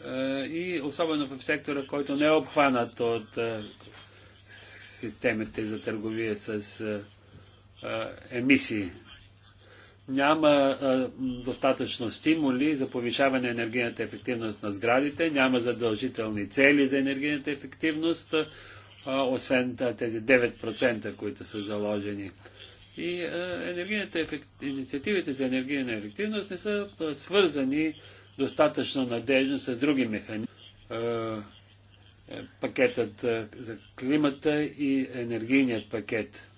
Е, и особено в сектора, който не е обхванат от е, системите за търговия с е, емисии. Няма достатъчно стимули за повишаване на енергийната ефективност на сградите, няма задължителни цели за енергийната ефективност, освен тези 9%, които са заложени. И енергийната инициативите за енергийна ефективност не са свързани достатъчно надежно с други механизми. Е, пакетът за климата и енергийният пакет.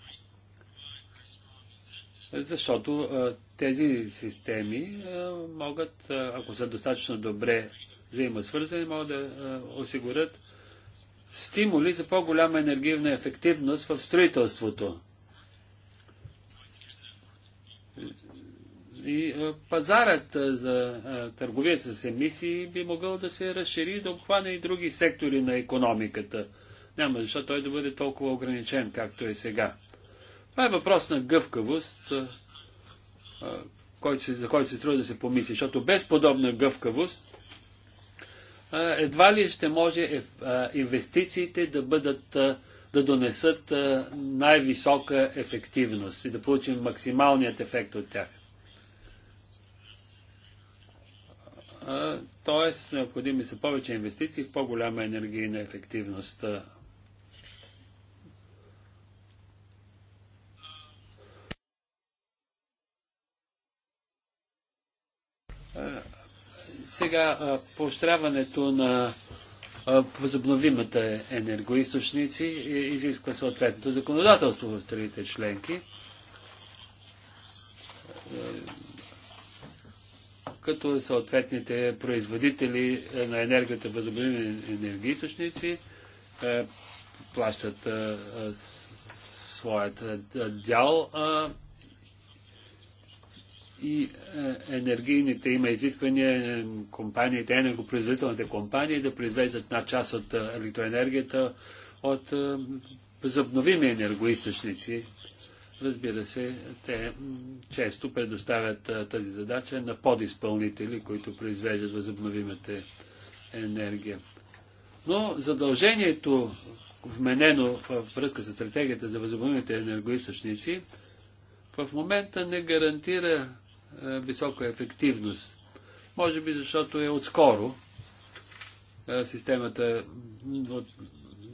Защото тези системи могат, ако са достатъчно добре взаимосвързани, могат да осигурят стимули за по-голяма енергийна ефективност в строителството. И пазарът за търговия с емисии би могъл да се разшири и да обхване и други сектори на економиката. Няма защо той да бъде толкова ограничен, както е сега. Това е въпрос на гъвкавост, за който се струва да се помисли, защото без подобна гъвкавост едва ли ще може е, инвестициите да бъдат да донесат най-висока ефективност и да получим максималният ефект от тях. Тоест, необходими са повече инвестиции в по-голяма енергийна ефективност. Сега, поощряването на възобновимата енергоисточници изисква съответното законодателство в страните членки като съответните производители е, на енергията, възобновими енергии източници, е, плащат е, своят дял и енергийните има изисквания компаниите, енергопроизводителните компании да произвеждат една част от електроенергията от възобновими енергоисточници, Разбира се, те често предоставят тази задача на подизпълнители, които произвеждат възобновимата енергия. Но задължението, вменено във връзка с стратегията за възобновимите енергоисточници, в момента не гарантира висока ефективност. Може би защото е отскоро системата, от,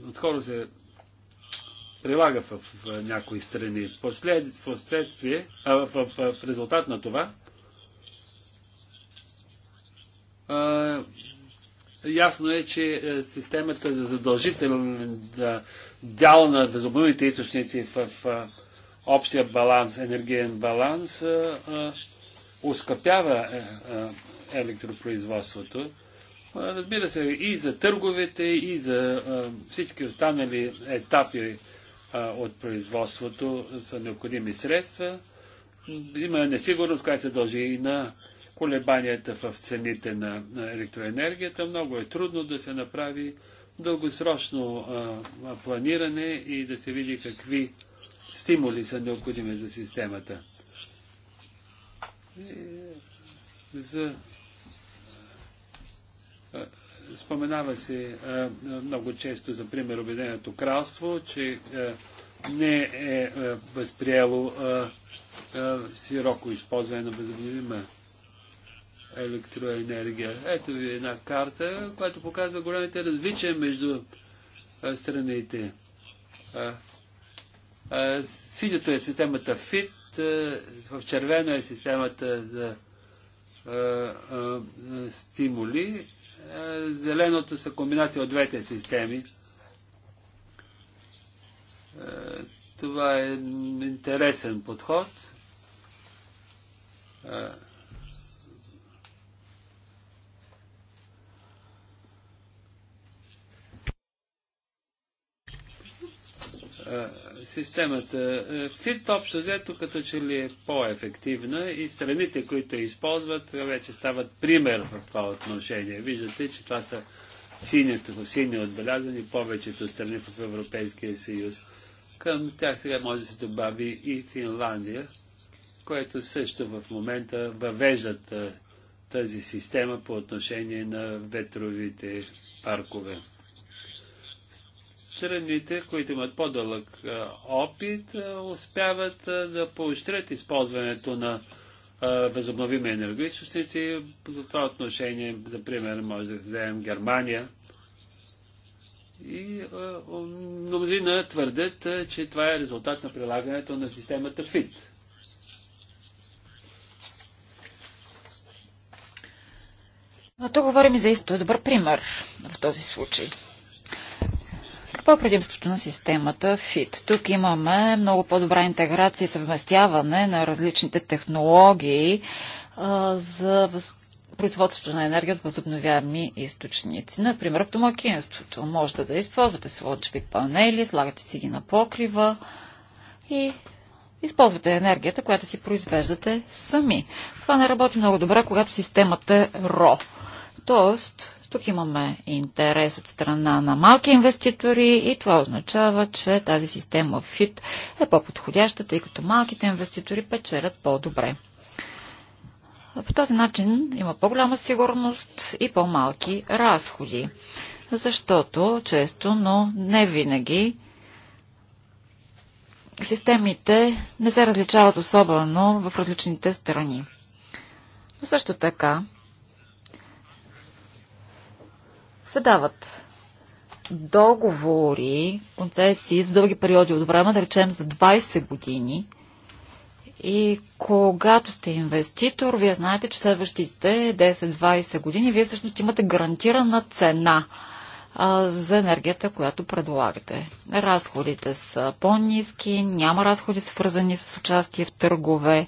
отскоро се прилага в, в, в някои страни. Послед, в, в, в, в резултат на това а, ясно е, че е, системата за задължителен да, дял на възобновените източници в, в общия баланс, енергиен баланс, а, а, ускъпява е, е, електропроизводството. Разбира се, и за търговете, и за а, всички останали етапи а, от производството са необходими средства. Има несигурност, която се дължи и на колебанията в цените на, електроенергията. Много е трудно да се направи дългосрочно а, планиране и да се види какви стимули са необходими за системата. за Споменава се е, е, много често, за пример, Обединеното кралство, че е, не е възприело широко използване на възобновима електроенергия. Ето ви една карта, която показва големите различия между страните. Синято е системата FIT, в червено е системата за стимули зеленото са комбинация от двете системи. Е, това е интересен подход. Uh, системата СИД е, общо взето като че ли е по-ефективна и страните, които я използват, вече стават пример в това отношение. Виждате, че това са синято, сини отбелязани повечето страни в Европейския съюз. Към тях сега може да се добави и Финландия, което също в момента въвеждат е, тази система по отношение на ветровите паркове страните, които имат по-дълъг опит, успяват да поощрят използването на възобновими енергоисточници. За това отношение, за пример, може да вземем Германия. И мнозина твърдят, че това е резултат на прилагането на системата ФИТ. Но тук говорим за добър пример в този случай по е предимството на системата FIT. Тук имаме много по-добра интеграция и съвместяване на различните технологии а, за въз... производството на енергия от възобновяеми източници. Например, домакинството Можете да използвате слънчеви панели, слагате си ги на покрива и използвате енергията, която си произвеждате сами. Това не работи много добре, когато системата е РО. Тоест, тук имаме интерес от страна на малки инвеститори и това означава, че тази система FIT е по-подходяща, тъй като малките инвеститори печелят по-добре. По този начин има по-голяма сигурност и по-малки разходи, защото често, но не винаги системите не се различават особено в различните страни. Но също така се дават договори, концесии за дълги периоди от време, да речем за 20 години. И когато сте инвеститор, вие знаете, че следващите 10-20 години вие всъщност имате гарантирана цена а, за енергията, която предлагате. Разходите са по-низки, няма разходи свързани с участие в търгове,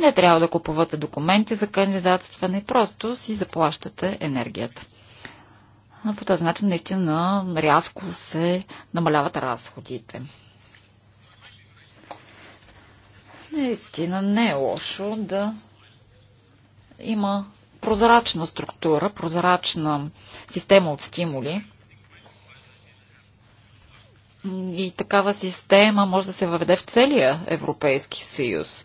не трябва да купувате документи за кандидатстване, просто си заплащате енергията по този начин наистина рязко се намаляват разходите. Наистина не е лошо да има прозрачна структура, прозрачна система от стимули. И такава система може да се въведе в целия Европейски съюз.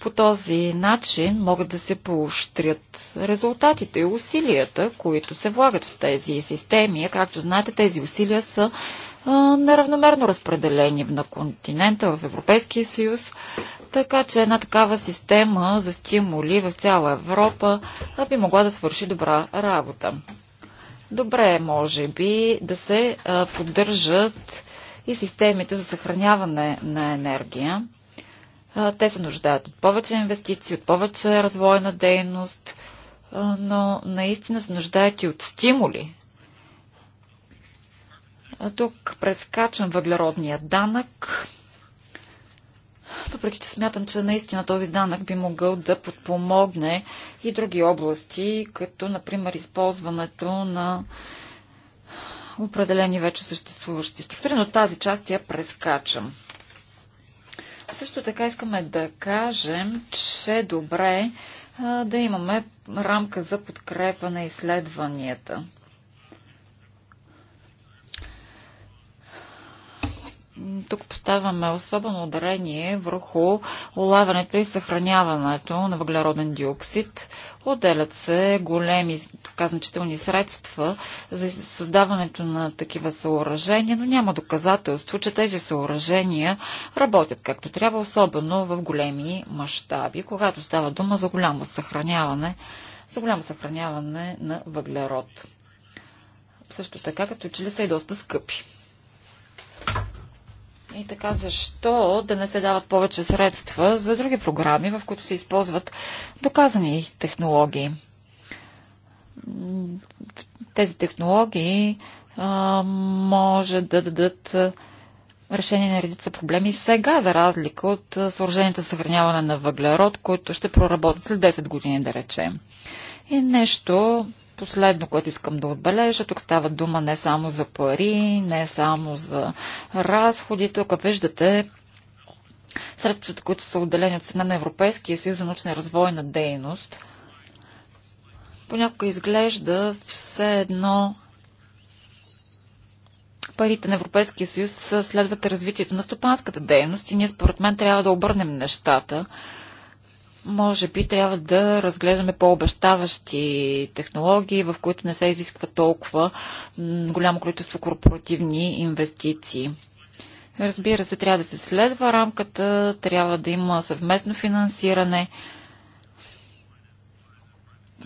По този начин могат да се поощрят резултатите и усилията, които се влагат в тези системи. Както знаете, тези усилия са неравномерно разпределени на континента, в Европейския съюз. Така че една такава система за стимули в цяла Европа би могла да свърши добра работа. Добре е, може би, да се поддържат и системите за съхраняване на енергия. Те се нуждаят от повече инвестиции, от повече развойна дейност, но наистина се нуждаят и от стимули. Тук прескачам въглеродния данък, въпреки че смятам, че наистина този данък би могъл да подпомогне и други области, като например използването на определени вече съществуващи структури, но тази част я прескачам. Също така искаме да кажем, че добре да имаме рамка за подкрепа на изследванията. тук поставяме особено ударение върху улавянето и съхраняването на въглероден диоксид. Отделят се големи, така значителни средства за създаването на такива съоръжения, но няма доказателство, че тези съоръжения работят както трябва, особено в големи мащаби, когато става дума за голямо съхраняване, за голямо съхраняване на въглерод. Също така, като че ли са и доста скъпи. И така, защо да не се дават повече средства за други програми, в които се използват доказани технологии? Тези технологии а, може да дадат решение на редица проблеми сега, за разлика от съоръженията за съхраняване на въглерод, които ще проработят след 10 години, да речем. И нещо, Последно, което искам да отбележа, тук става дума не само за пари, не само за разходи. Тук виждате средствата, които са отделени от страна на Европейския съюз за научна и развойна дейност. Понякога изглежда все едно парите на Европейския съюз следват развитието на стопанската дейност и ние според мен трябва да обърнем нещата може би трябва да разглеждаме по-обещаващи технологии, в които не се изисква толкова голямо количество корпоративни инвестиции. Разбира се, трябва да се следва рамката, трябва да има съвместно финансиране.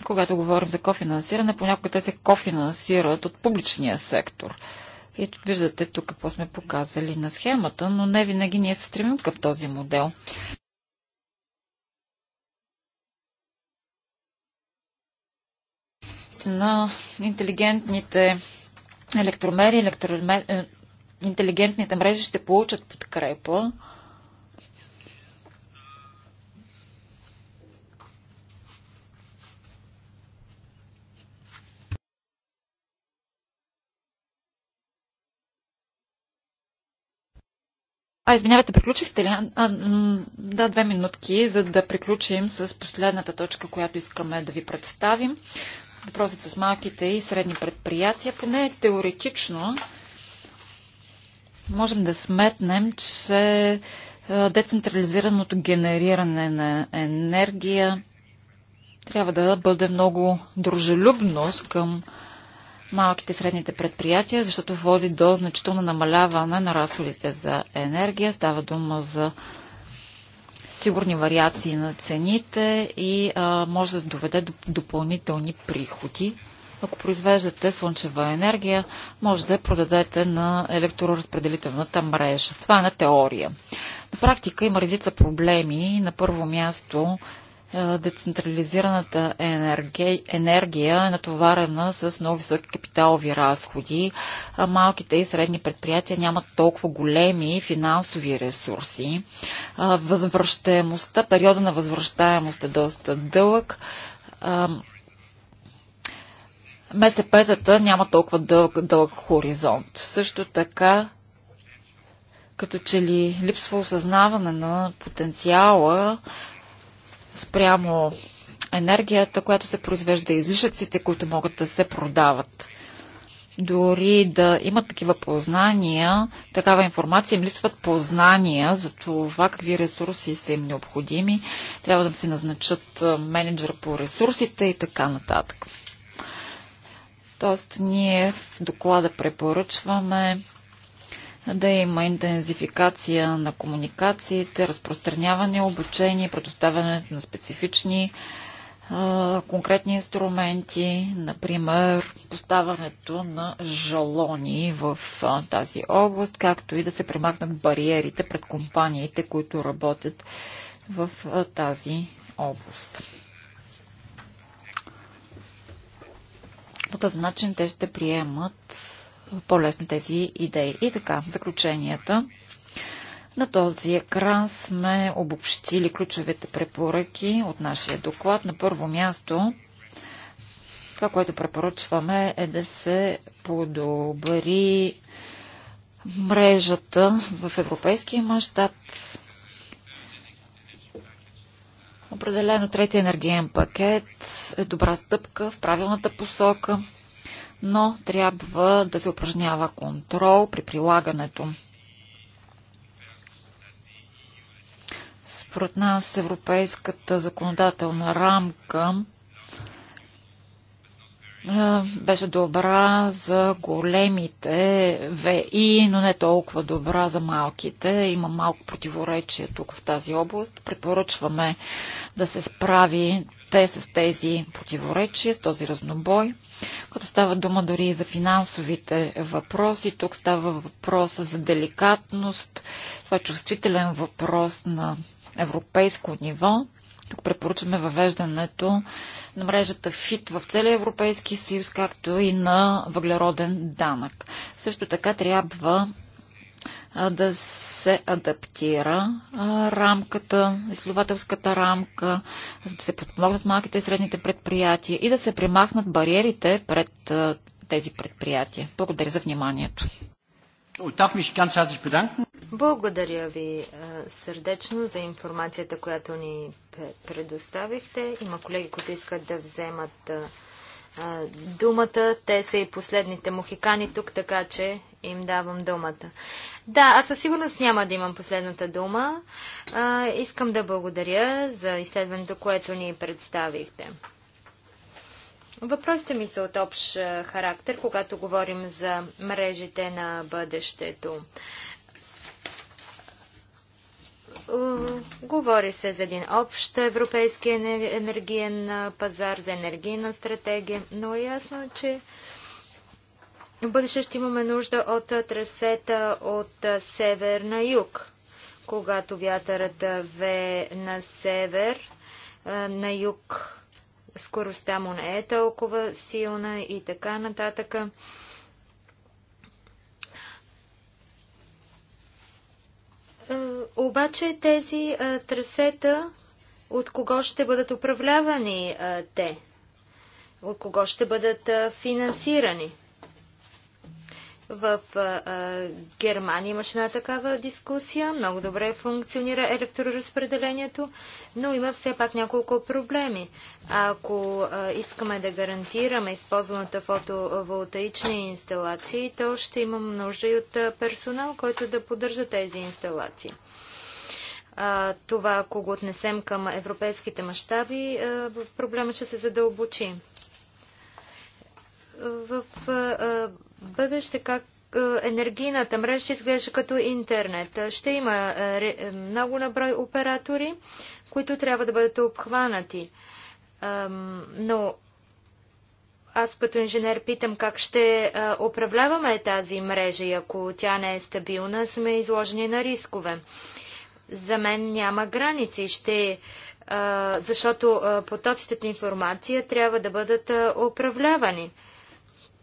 Когато говорим за кофинансиране, понякога те се кофинансират от публичния сектор. И виждате тук какво сме показали на схемата, но не винаги ние се стремим към този модел. на интелигентните електромери, електромер... Е, интелигентните мрежи ще получат подкрепа. А, извинявайте, приключихте ли? А, да, две минутки, за да приключим с последната точка, която искаме да ви представим въпросът с малките и средни предприятия, поне теоретично можем да сметнем, че е, децентрализираното генериране на енергия трябва да бъде много дружелюбно към малките и средните предприятия, защото води до значително намаляване на разходите за енергия. Става дума за сигурни вариации на цените и а, може да доведе до допълнителни приходи. Ако произвеждате слънчева енергия, може да я продадете на електроразпределителната мрежа. Това е на теория. На практика има редица проблеми. На първо място е, децентрализираната енергия, енергия е натоварена с много високи капиталови разходи. Малките и средни предприятия нямат толкова големи финансови ресурси. Е, възвръщаемостта, периода на възвръщаемост е доста дълъг. Е, МСП-тата няма толкова дълъг, дълъг хоризонт. Също така, като че ли липсва осъзнаване на потенциала спрямо енергията, която се произвежда, излишъците, които могат да се продават. Дори да имат такива познания, такава информация им листват познания за това какви ресурси са им необходими, трябва да се назначат менеджер по ресурсите и така нататък. Тоест, ние в доклада препоръчваме да има интензификация на комуникациите, разпространяване, обучение, предоставянето на специфични конкретни инструменти, например поставянето на жалони в тази област, както и да се премахнат бариерите пред компаниите, които работят в тази област. По този начин те ще приемат по-лесно тези идеи. И така, заключенията. На този екран сме обобщили ключовите препоръки от нашия доклад. На първо място, това, което препоръчваме е да се подобри мрежата в европейския мащаб. Определено третия енергиен пакет е добра стъпка в правилната посока – но трябва да се упражнява контрол при прилагането. Според нас европейската законодателна рамка беше добра за големите ВИ, но не толкова добра за малките. Има малко противоречие тук в тази област. Препоръчваме да се справи те с тези противоречия, с този разнобой. Като става дума дори и за финансовите въпроси, тук става въпрос за деликатност. Това е чувствителен въпрос на европейско ниво. Тук препоръчваме въвеждането на мрежата ФИТ в целия Европейски съюз, както и на въглероден данък. Също така трябва да се адаптира рамката, изследователската рамка, за да се подпомогнат малките и средните предприятия и да се примахнат бариерите пред тези предприятия. Благодаря за вниманието. Благодаря ви сърдечно за информацията, която ни предоставихте. Има колеги, които искат да вземат думата. Те са и последните мухикани тук, така че им давам думата. Да, аз със сигурност няма да имам последната дума. А, искам да благодаря за изследването, което ни представихте. Въпросите ми са от общ характер, когато говорим за мрежите на бъдещето. Говори се за един общ европейски енергиен пазар, за енергийна стратегия, но е ясно, че в бъдеще ще имаме нужда от трасета от север на юг. Когато вятърът ве на север, на юг скоростта му не е толкова силна и така нататък. Обаче тези трасета от кого ще бъдат управлявани те? От кого ще бъдат финансирани? В а, Германия имаше една такава дискусия. Много добре функционира електроразпределението, но има все пак няколко проблеми. Ако а, искаме да гарантираме използваната фотоволтаични инсталации, то ще имам нужда и от персонал, който да поддържа тези инсталации. А, това, ако го отнесем към европейските мащаби, проблема ще се задълбочи в бъдеще как е, енергийната мрежа ще изглежда като интернет. Ще има е, е, много наброй оператори, които трябва да бъдат обхванати. Но аз като инженер питам как ще управляваме тази мрежа и ако тя не е стабилна, сме изложени на рискове. За мен няма граници. Ще защото потоците от информация трябва да бъдат управлявани.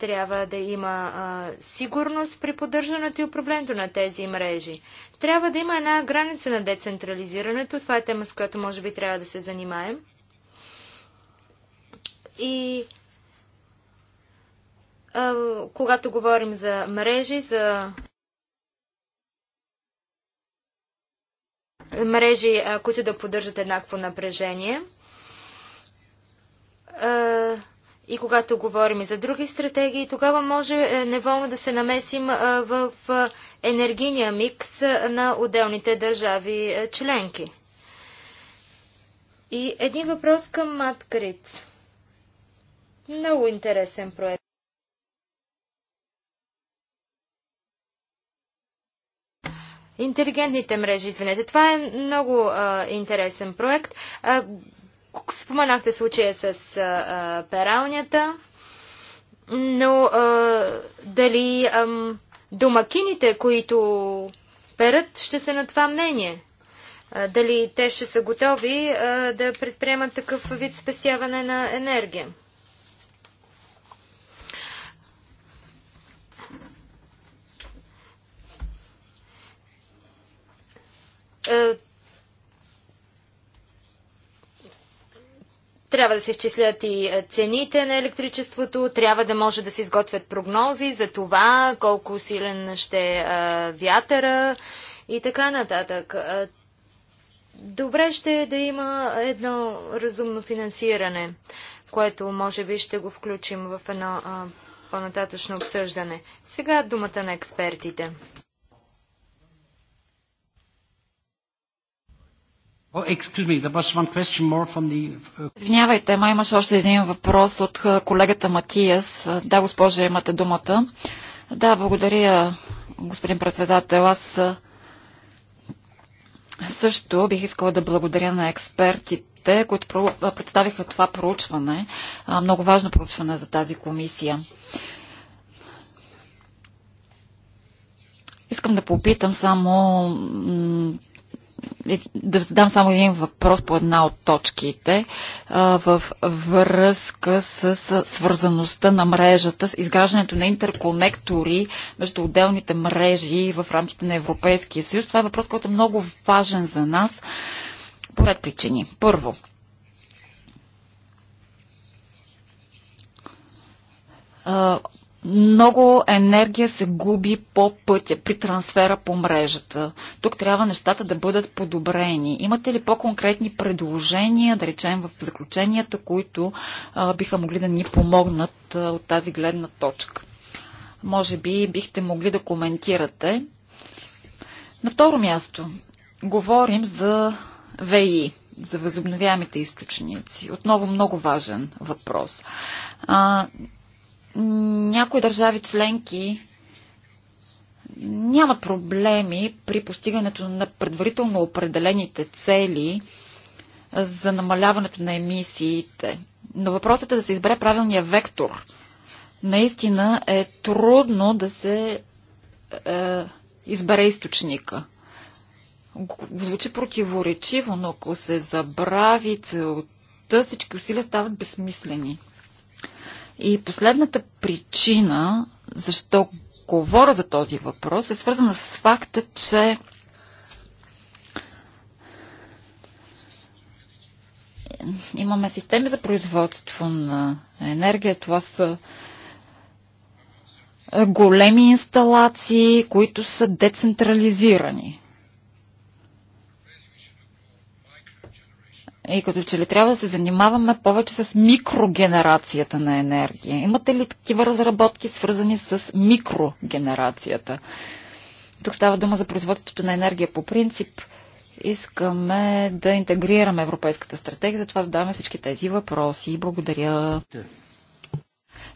Трябва да има а, сигурност при поддържането и управлението на тези мрежи. Трябва да има една граница на децентрализирането. Това е тема, с която може би трябва да се занимаем. И а, когато говорим за мрежи, за мрежи, а, които да поддържат еднакво напрежение, а, и когато говорим за други стратегии, тогава може е, неволно да се намесим е, в е, енергийния микс на отделните държави членки. И един въпрос към Маткриц. Много интересен проект. Интелигентните мрежи, извинете. Това е много а, интересен проект. А, Споменахте случая с а, пералнята, но а, дали а, домакините, които перат, ще са на това мнение? А, дали те ще са готови а, да предприемат такъв вид спестяване на енергия? А, Трябва да се изчислят и е, цените на електричеството, трябва да може да се изготвят прогнози за това колко силен ще е вятъра и така нататък. Е, добре ще е да има едно разумно финансиране, което може би ще го включим в едно е, по-нататъчно обсъждане. Сега думата на експертите. Oh, uh, Извинявайте, ма имаше още един въпрос от uh, колегата Матиас. Да, госпожа, имате думата. Да, благодаря, господин председател. Аз uh, също бих искала да благодаря на експертите, които представиха това проучване. Много важно проучване за тази комисия. Искам да попитам само е, да задам само един въпрос по една от точките в връзка с свързаността на мрежата, с изграждането на интерконектори между отделните мрежи в рамките на Европейския съюз. Това е въпрос, който е много важен за нас по ред причини. Първо, много енергия се губи по пътя, при трансфера по мрежата. Тук трябва нещата да бъдат подобрени. Имате ли по-конкретни предложения, да речем в заключенията, които а, биха могли да ни помогнат а, от тази гледна точка? Може би бихте могли да коментирате. На второ място, говорим за ВИ, за възобновяемите източници. Отново много важен въпрос. А, някои държави членки нямат проблеми при постигането на предварително определените цели за намаляването на емисиите. Но въпросът е да се избере правилния вектор. Наистина е трудно да се е, избере източника. Звучи противоречиво, но ако се забрави целта, всички усилия стават безсмислени. И последната причина, защо говоря за този въпрос, е свързана с факта, че имаме системи за производство на енергия. Това са големи инсталации, които са децентрализирани. И като че ли трябва да се занимаваме повече с микрогенерацията на енергия. Имате ли такива разработки, свързани с микрогенерацията? Тук става дума за производството на енергия по принцип. Искаме да интегрираме Европейската стратегия, затова задаваме всички тези въпроси. Благодаря.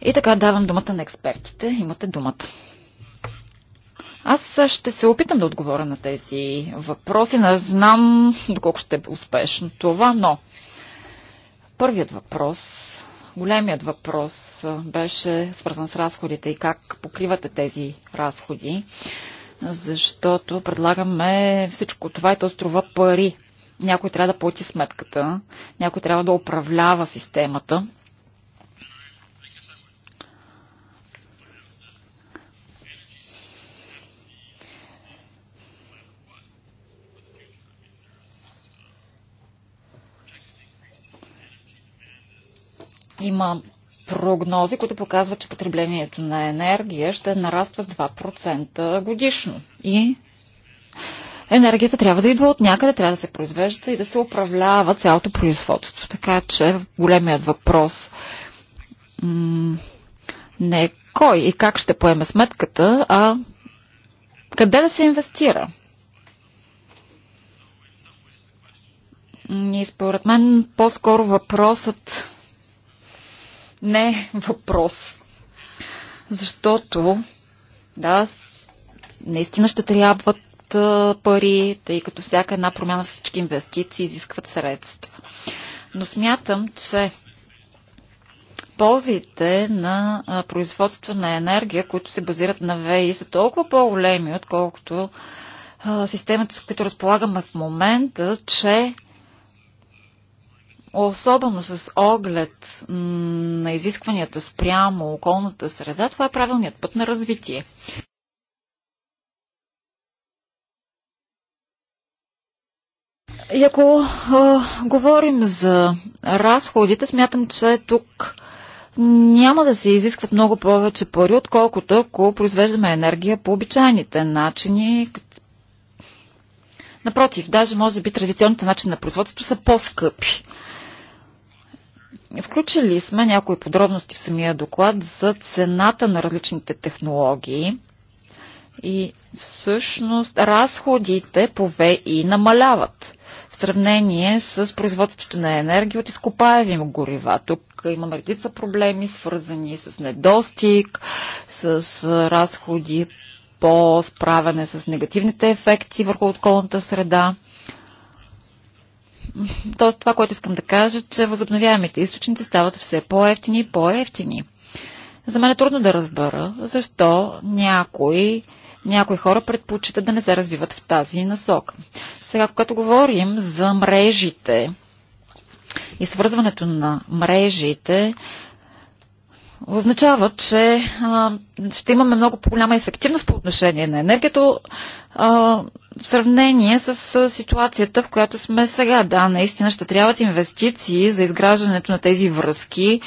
И така давам думата на експертите. Имате думата. Аз ще се опитам да отговоря на тези въпроси. Не знам доколко ще е успешно това, но първият въпрос, големият въпрос беше свързан с разходите и как покривате тези разходи, защото предлагаме всичко това и то струва пари. Някой трябва да плати сметката, някой трябва да управлява системата. Има прогнози, които показват, че потреблението на енергия ще нараства с 2% годишно. И енергията трябва да идва от някъде, трябва да се произвежда и да се управлява цялото производство. Така че големият въпрос не е кой и как ще поеме сметката, а къде да се инвестира. И според мен по-скоро въпросът не е въпрос. Защото, да, наистина ще трябват пари, тъй като всяка една промяна в всички инвестиции изискват средства. Но смятам, че ползите на производство на енергия, които се базират на ВЕИ, са толкова по-големи, отколкото системата, с която разполагаме в момента, че особено с оглед на изискванията спрямо околната среда, това е правилният път на развитие. И ако а, говорим за разходите, смятам, че тук няма да се изискват много повече пари, отколкото ако произвеждаме енергия по обичайните начини. Напротив, даже може би традиционните начини на производство са по-скъпи. Включили сме някои подробности в самия доклад за цената на различните технологии и всъщност разходите по ВИ намаляват в сравнение с производството на енергия от изкопаеви горива. Тук имаме редица проблеми, свързани с недостиг, с разходи по справяне с негативните ефекти върху околната среда. Тоест, това, което искам да кажа, че възобновяемите източници стават все по-ефтини и по-ефтини. За мен е трудно да разбера защо някои, някои хора предпочитат да не се развиват в тази насока. Сега, когато говорим за мрежите и свързването на мрежите, означава, че а, ще имаме много по-голяма ефективност по отношение на енергията в сравнение с с ситуацията, в която сме сега. Да, наистина ще трябват инвестиции за изграждането на тези връзки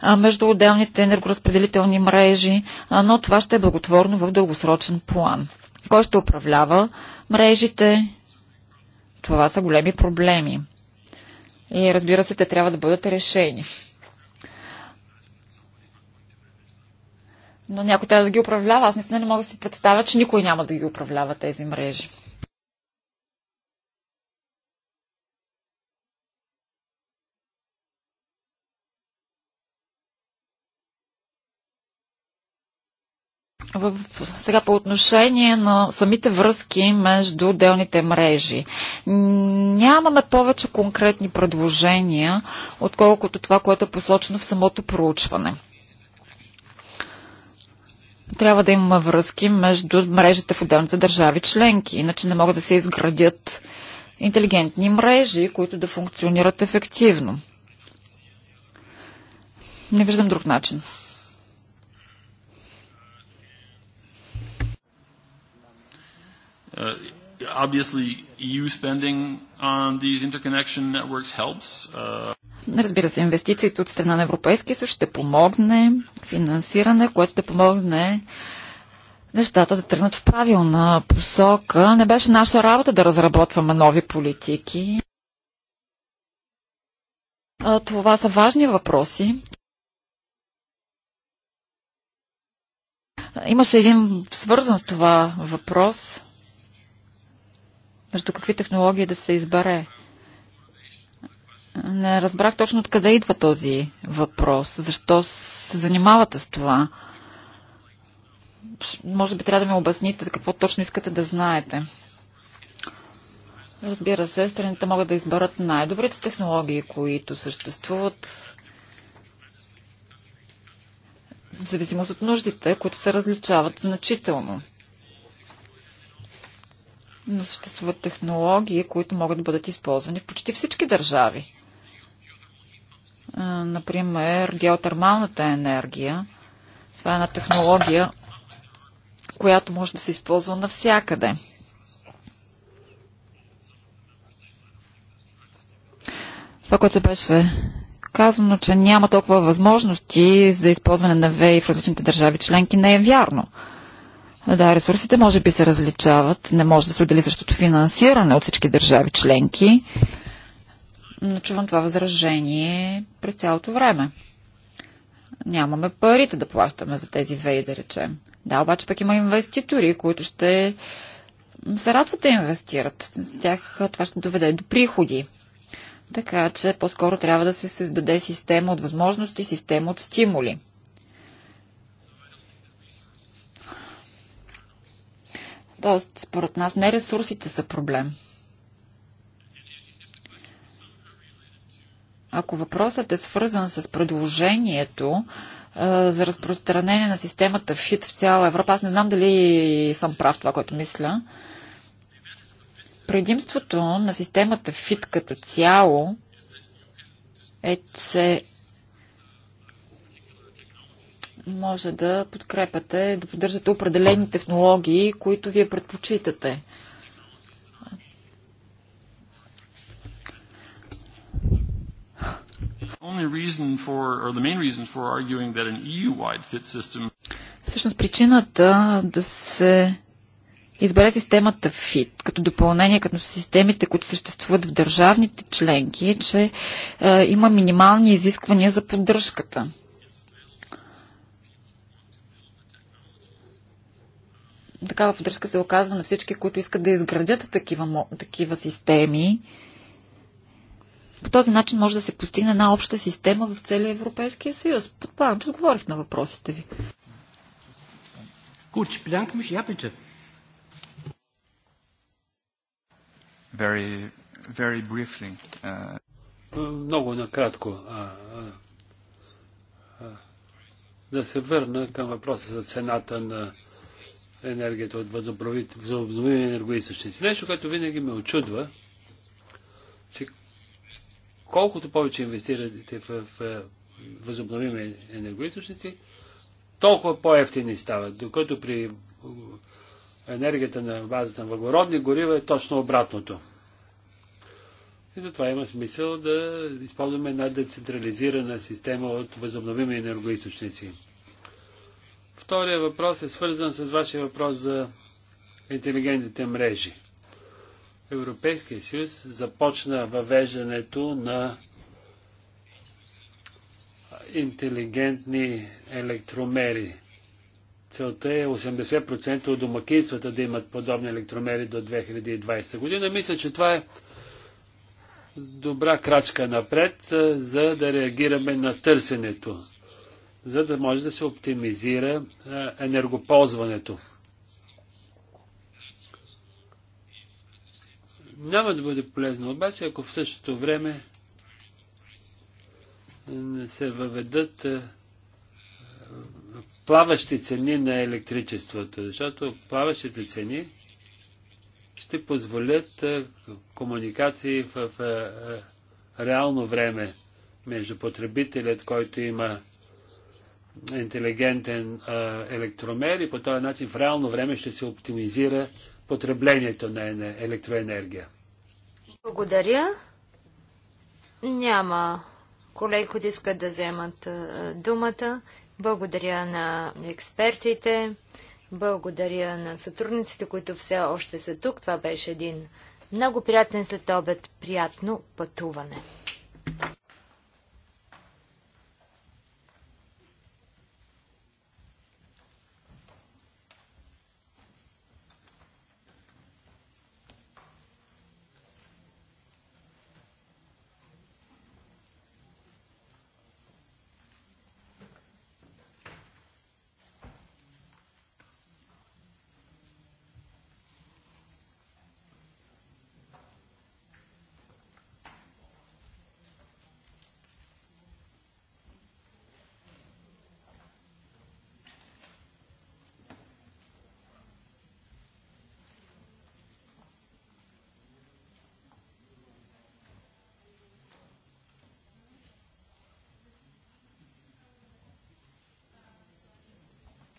а, между отделните енергоразпределителни мрежи, а, но това ще е благотворно в дългосрочен план. Кой ще управлява мрежите? Това са големи проблеми. И разбира се, те трябва да бъдат решени. но някой трябва да ги управлява. Аз наистина не мога да си представя, че никой няма да ги управлява тези мрежи. В, сега по отношение на самите връзки между отделните мрежи. Нямаме повече конкретни предложения, отколкото това, което е посочено в самото проучване. Трябва да има връзки между мрежите в отделните държави членки, иначе не могат да се изградят интелигентни мрежи, които да функционират ефективно. Не виждам друг начин. Uh, Obviously, EU spending on these interconnection networks helps. Uh, Разбира се, инвестициите от страна на Европейския съюз ще помогне финансиране, което ще помогне нещата да тръгнат в правилна посока. Не беше наша работа да разработваме нови политики. Това са важни въпроси. Имаше един свързан с това въпрос между какви технологии да се избере. Не разбрах точно откъде идва този въпрос. Защо се занимавате с това? Може би трябва да ми обясните какво точно искате да знаете. Разбира се, страните могат да изберат най-добрите технологии, които съществуват в зависимост от нуждите, които се различават значително но съществуват технологии, които могат да бъдат използвани в почти всички държави. Например, геотермалната енергия. Това е една технология, която може да се използва навсякъде. Това, което беше казано, че няма толкова възможности за използване на ВЕИ в различните държави членки, не е вярно. Да, ресурсите може би се различават. Не може да се отдели същото финансиране от всички държави членки. Но чувам това възражение през цялото време. Нямаме парите да плащаме за тези веи, да речем. Да, обаче пък има инвеститори, които ще се радват да инвестират. За тях това ще доведе до приходи. Така че по-скоро трябва да се създаде система от възможности, система от стимули. Тоест, според нас не ресурсите са проблем. Ако въпросът е свързан с предложението а, за разпространение на системата ФИТ в цяла Европа, аз не знам дали съм прав това, което мисля. Предимството на системата ФИТ като цяло е, че може да подкрепяте, да поддържате определени технологии, които вие предпочитате. E Всъщност причината да се избере системата FIT като допълнение като системите, които съществуват в държавните членки, е, че е, има минимални изисквания за поддръжката. такава поддръжка се оказва на всички, които искат да изградят такива, такива системи. По този начин може да се постигне една обща система в целия Европейския съюз. Подправям, че отговорих на въпросите ви. Gut, ich bedanke mich. Very, very briefly. Uh, много накратко. да се върна към въпроса за цената на енергията от възобновими енергоисточници. Нещо, което винаги ме очудва, че колкото повече инвестирате в възобновими енергоисточници, толкова по-ефтини стават. Докато при енергията на базата на въглеродни горива е точно обратното. И затова има смисъл да използваме една децентрализирана система от възобновими енергоисточници. Втория въпрос е свързан с вашия въпрос за интелигентните мрежи. Европейския съюз започна въвеждането на интелигентни електромери. Целта е 80% от домакинствата да имат подобни електромери до 2020 година. Мисля, че това е добра крачка напред, за да реагираме на търсенето за да може да се оптимизира е, енергоползването. Няма да бъде полезно обаче, ако в същото време не се въведат е, плаващи цени на електричеството, защото плаващите цени ще позволят е, комуникации в реално време между потребителят, който има интелигентен а, електромер и по този начин в реално време ще се оптимизира потреблението на електроенергия. Благодаря. Няма колеги, които искат да вземат думата. Благодаря на експертите. Благодаря на сътрудниците, които все още са тук. Това беше един много приятен след обед. Приятно пътуване.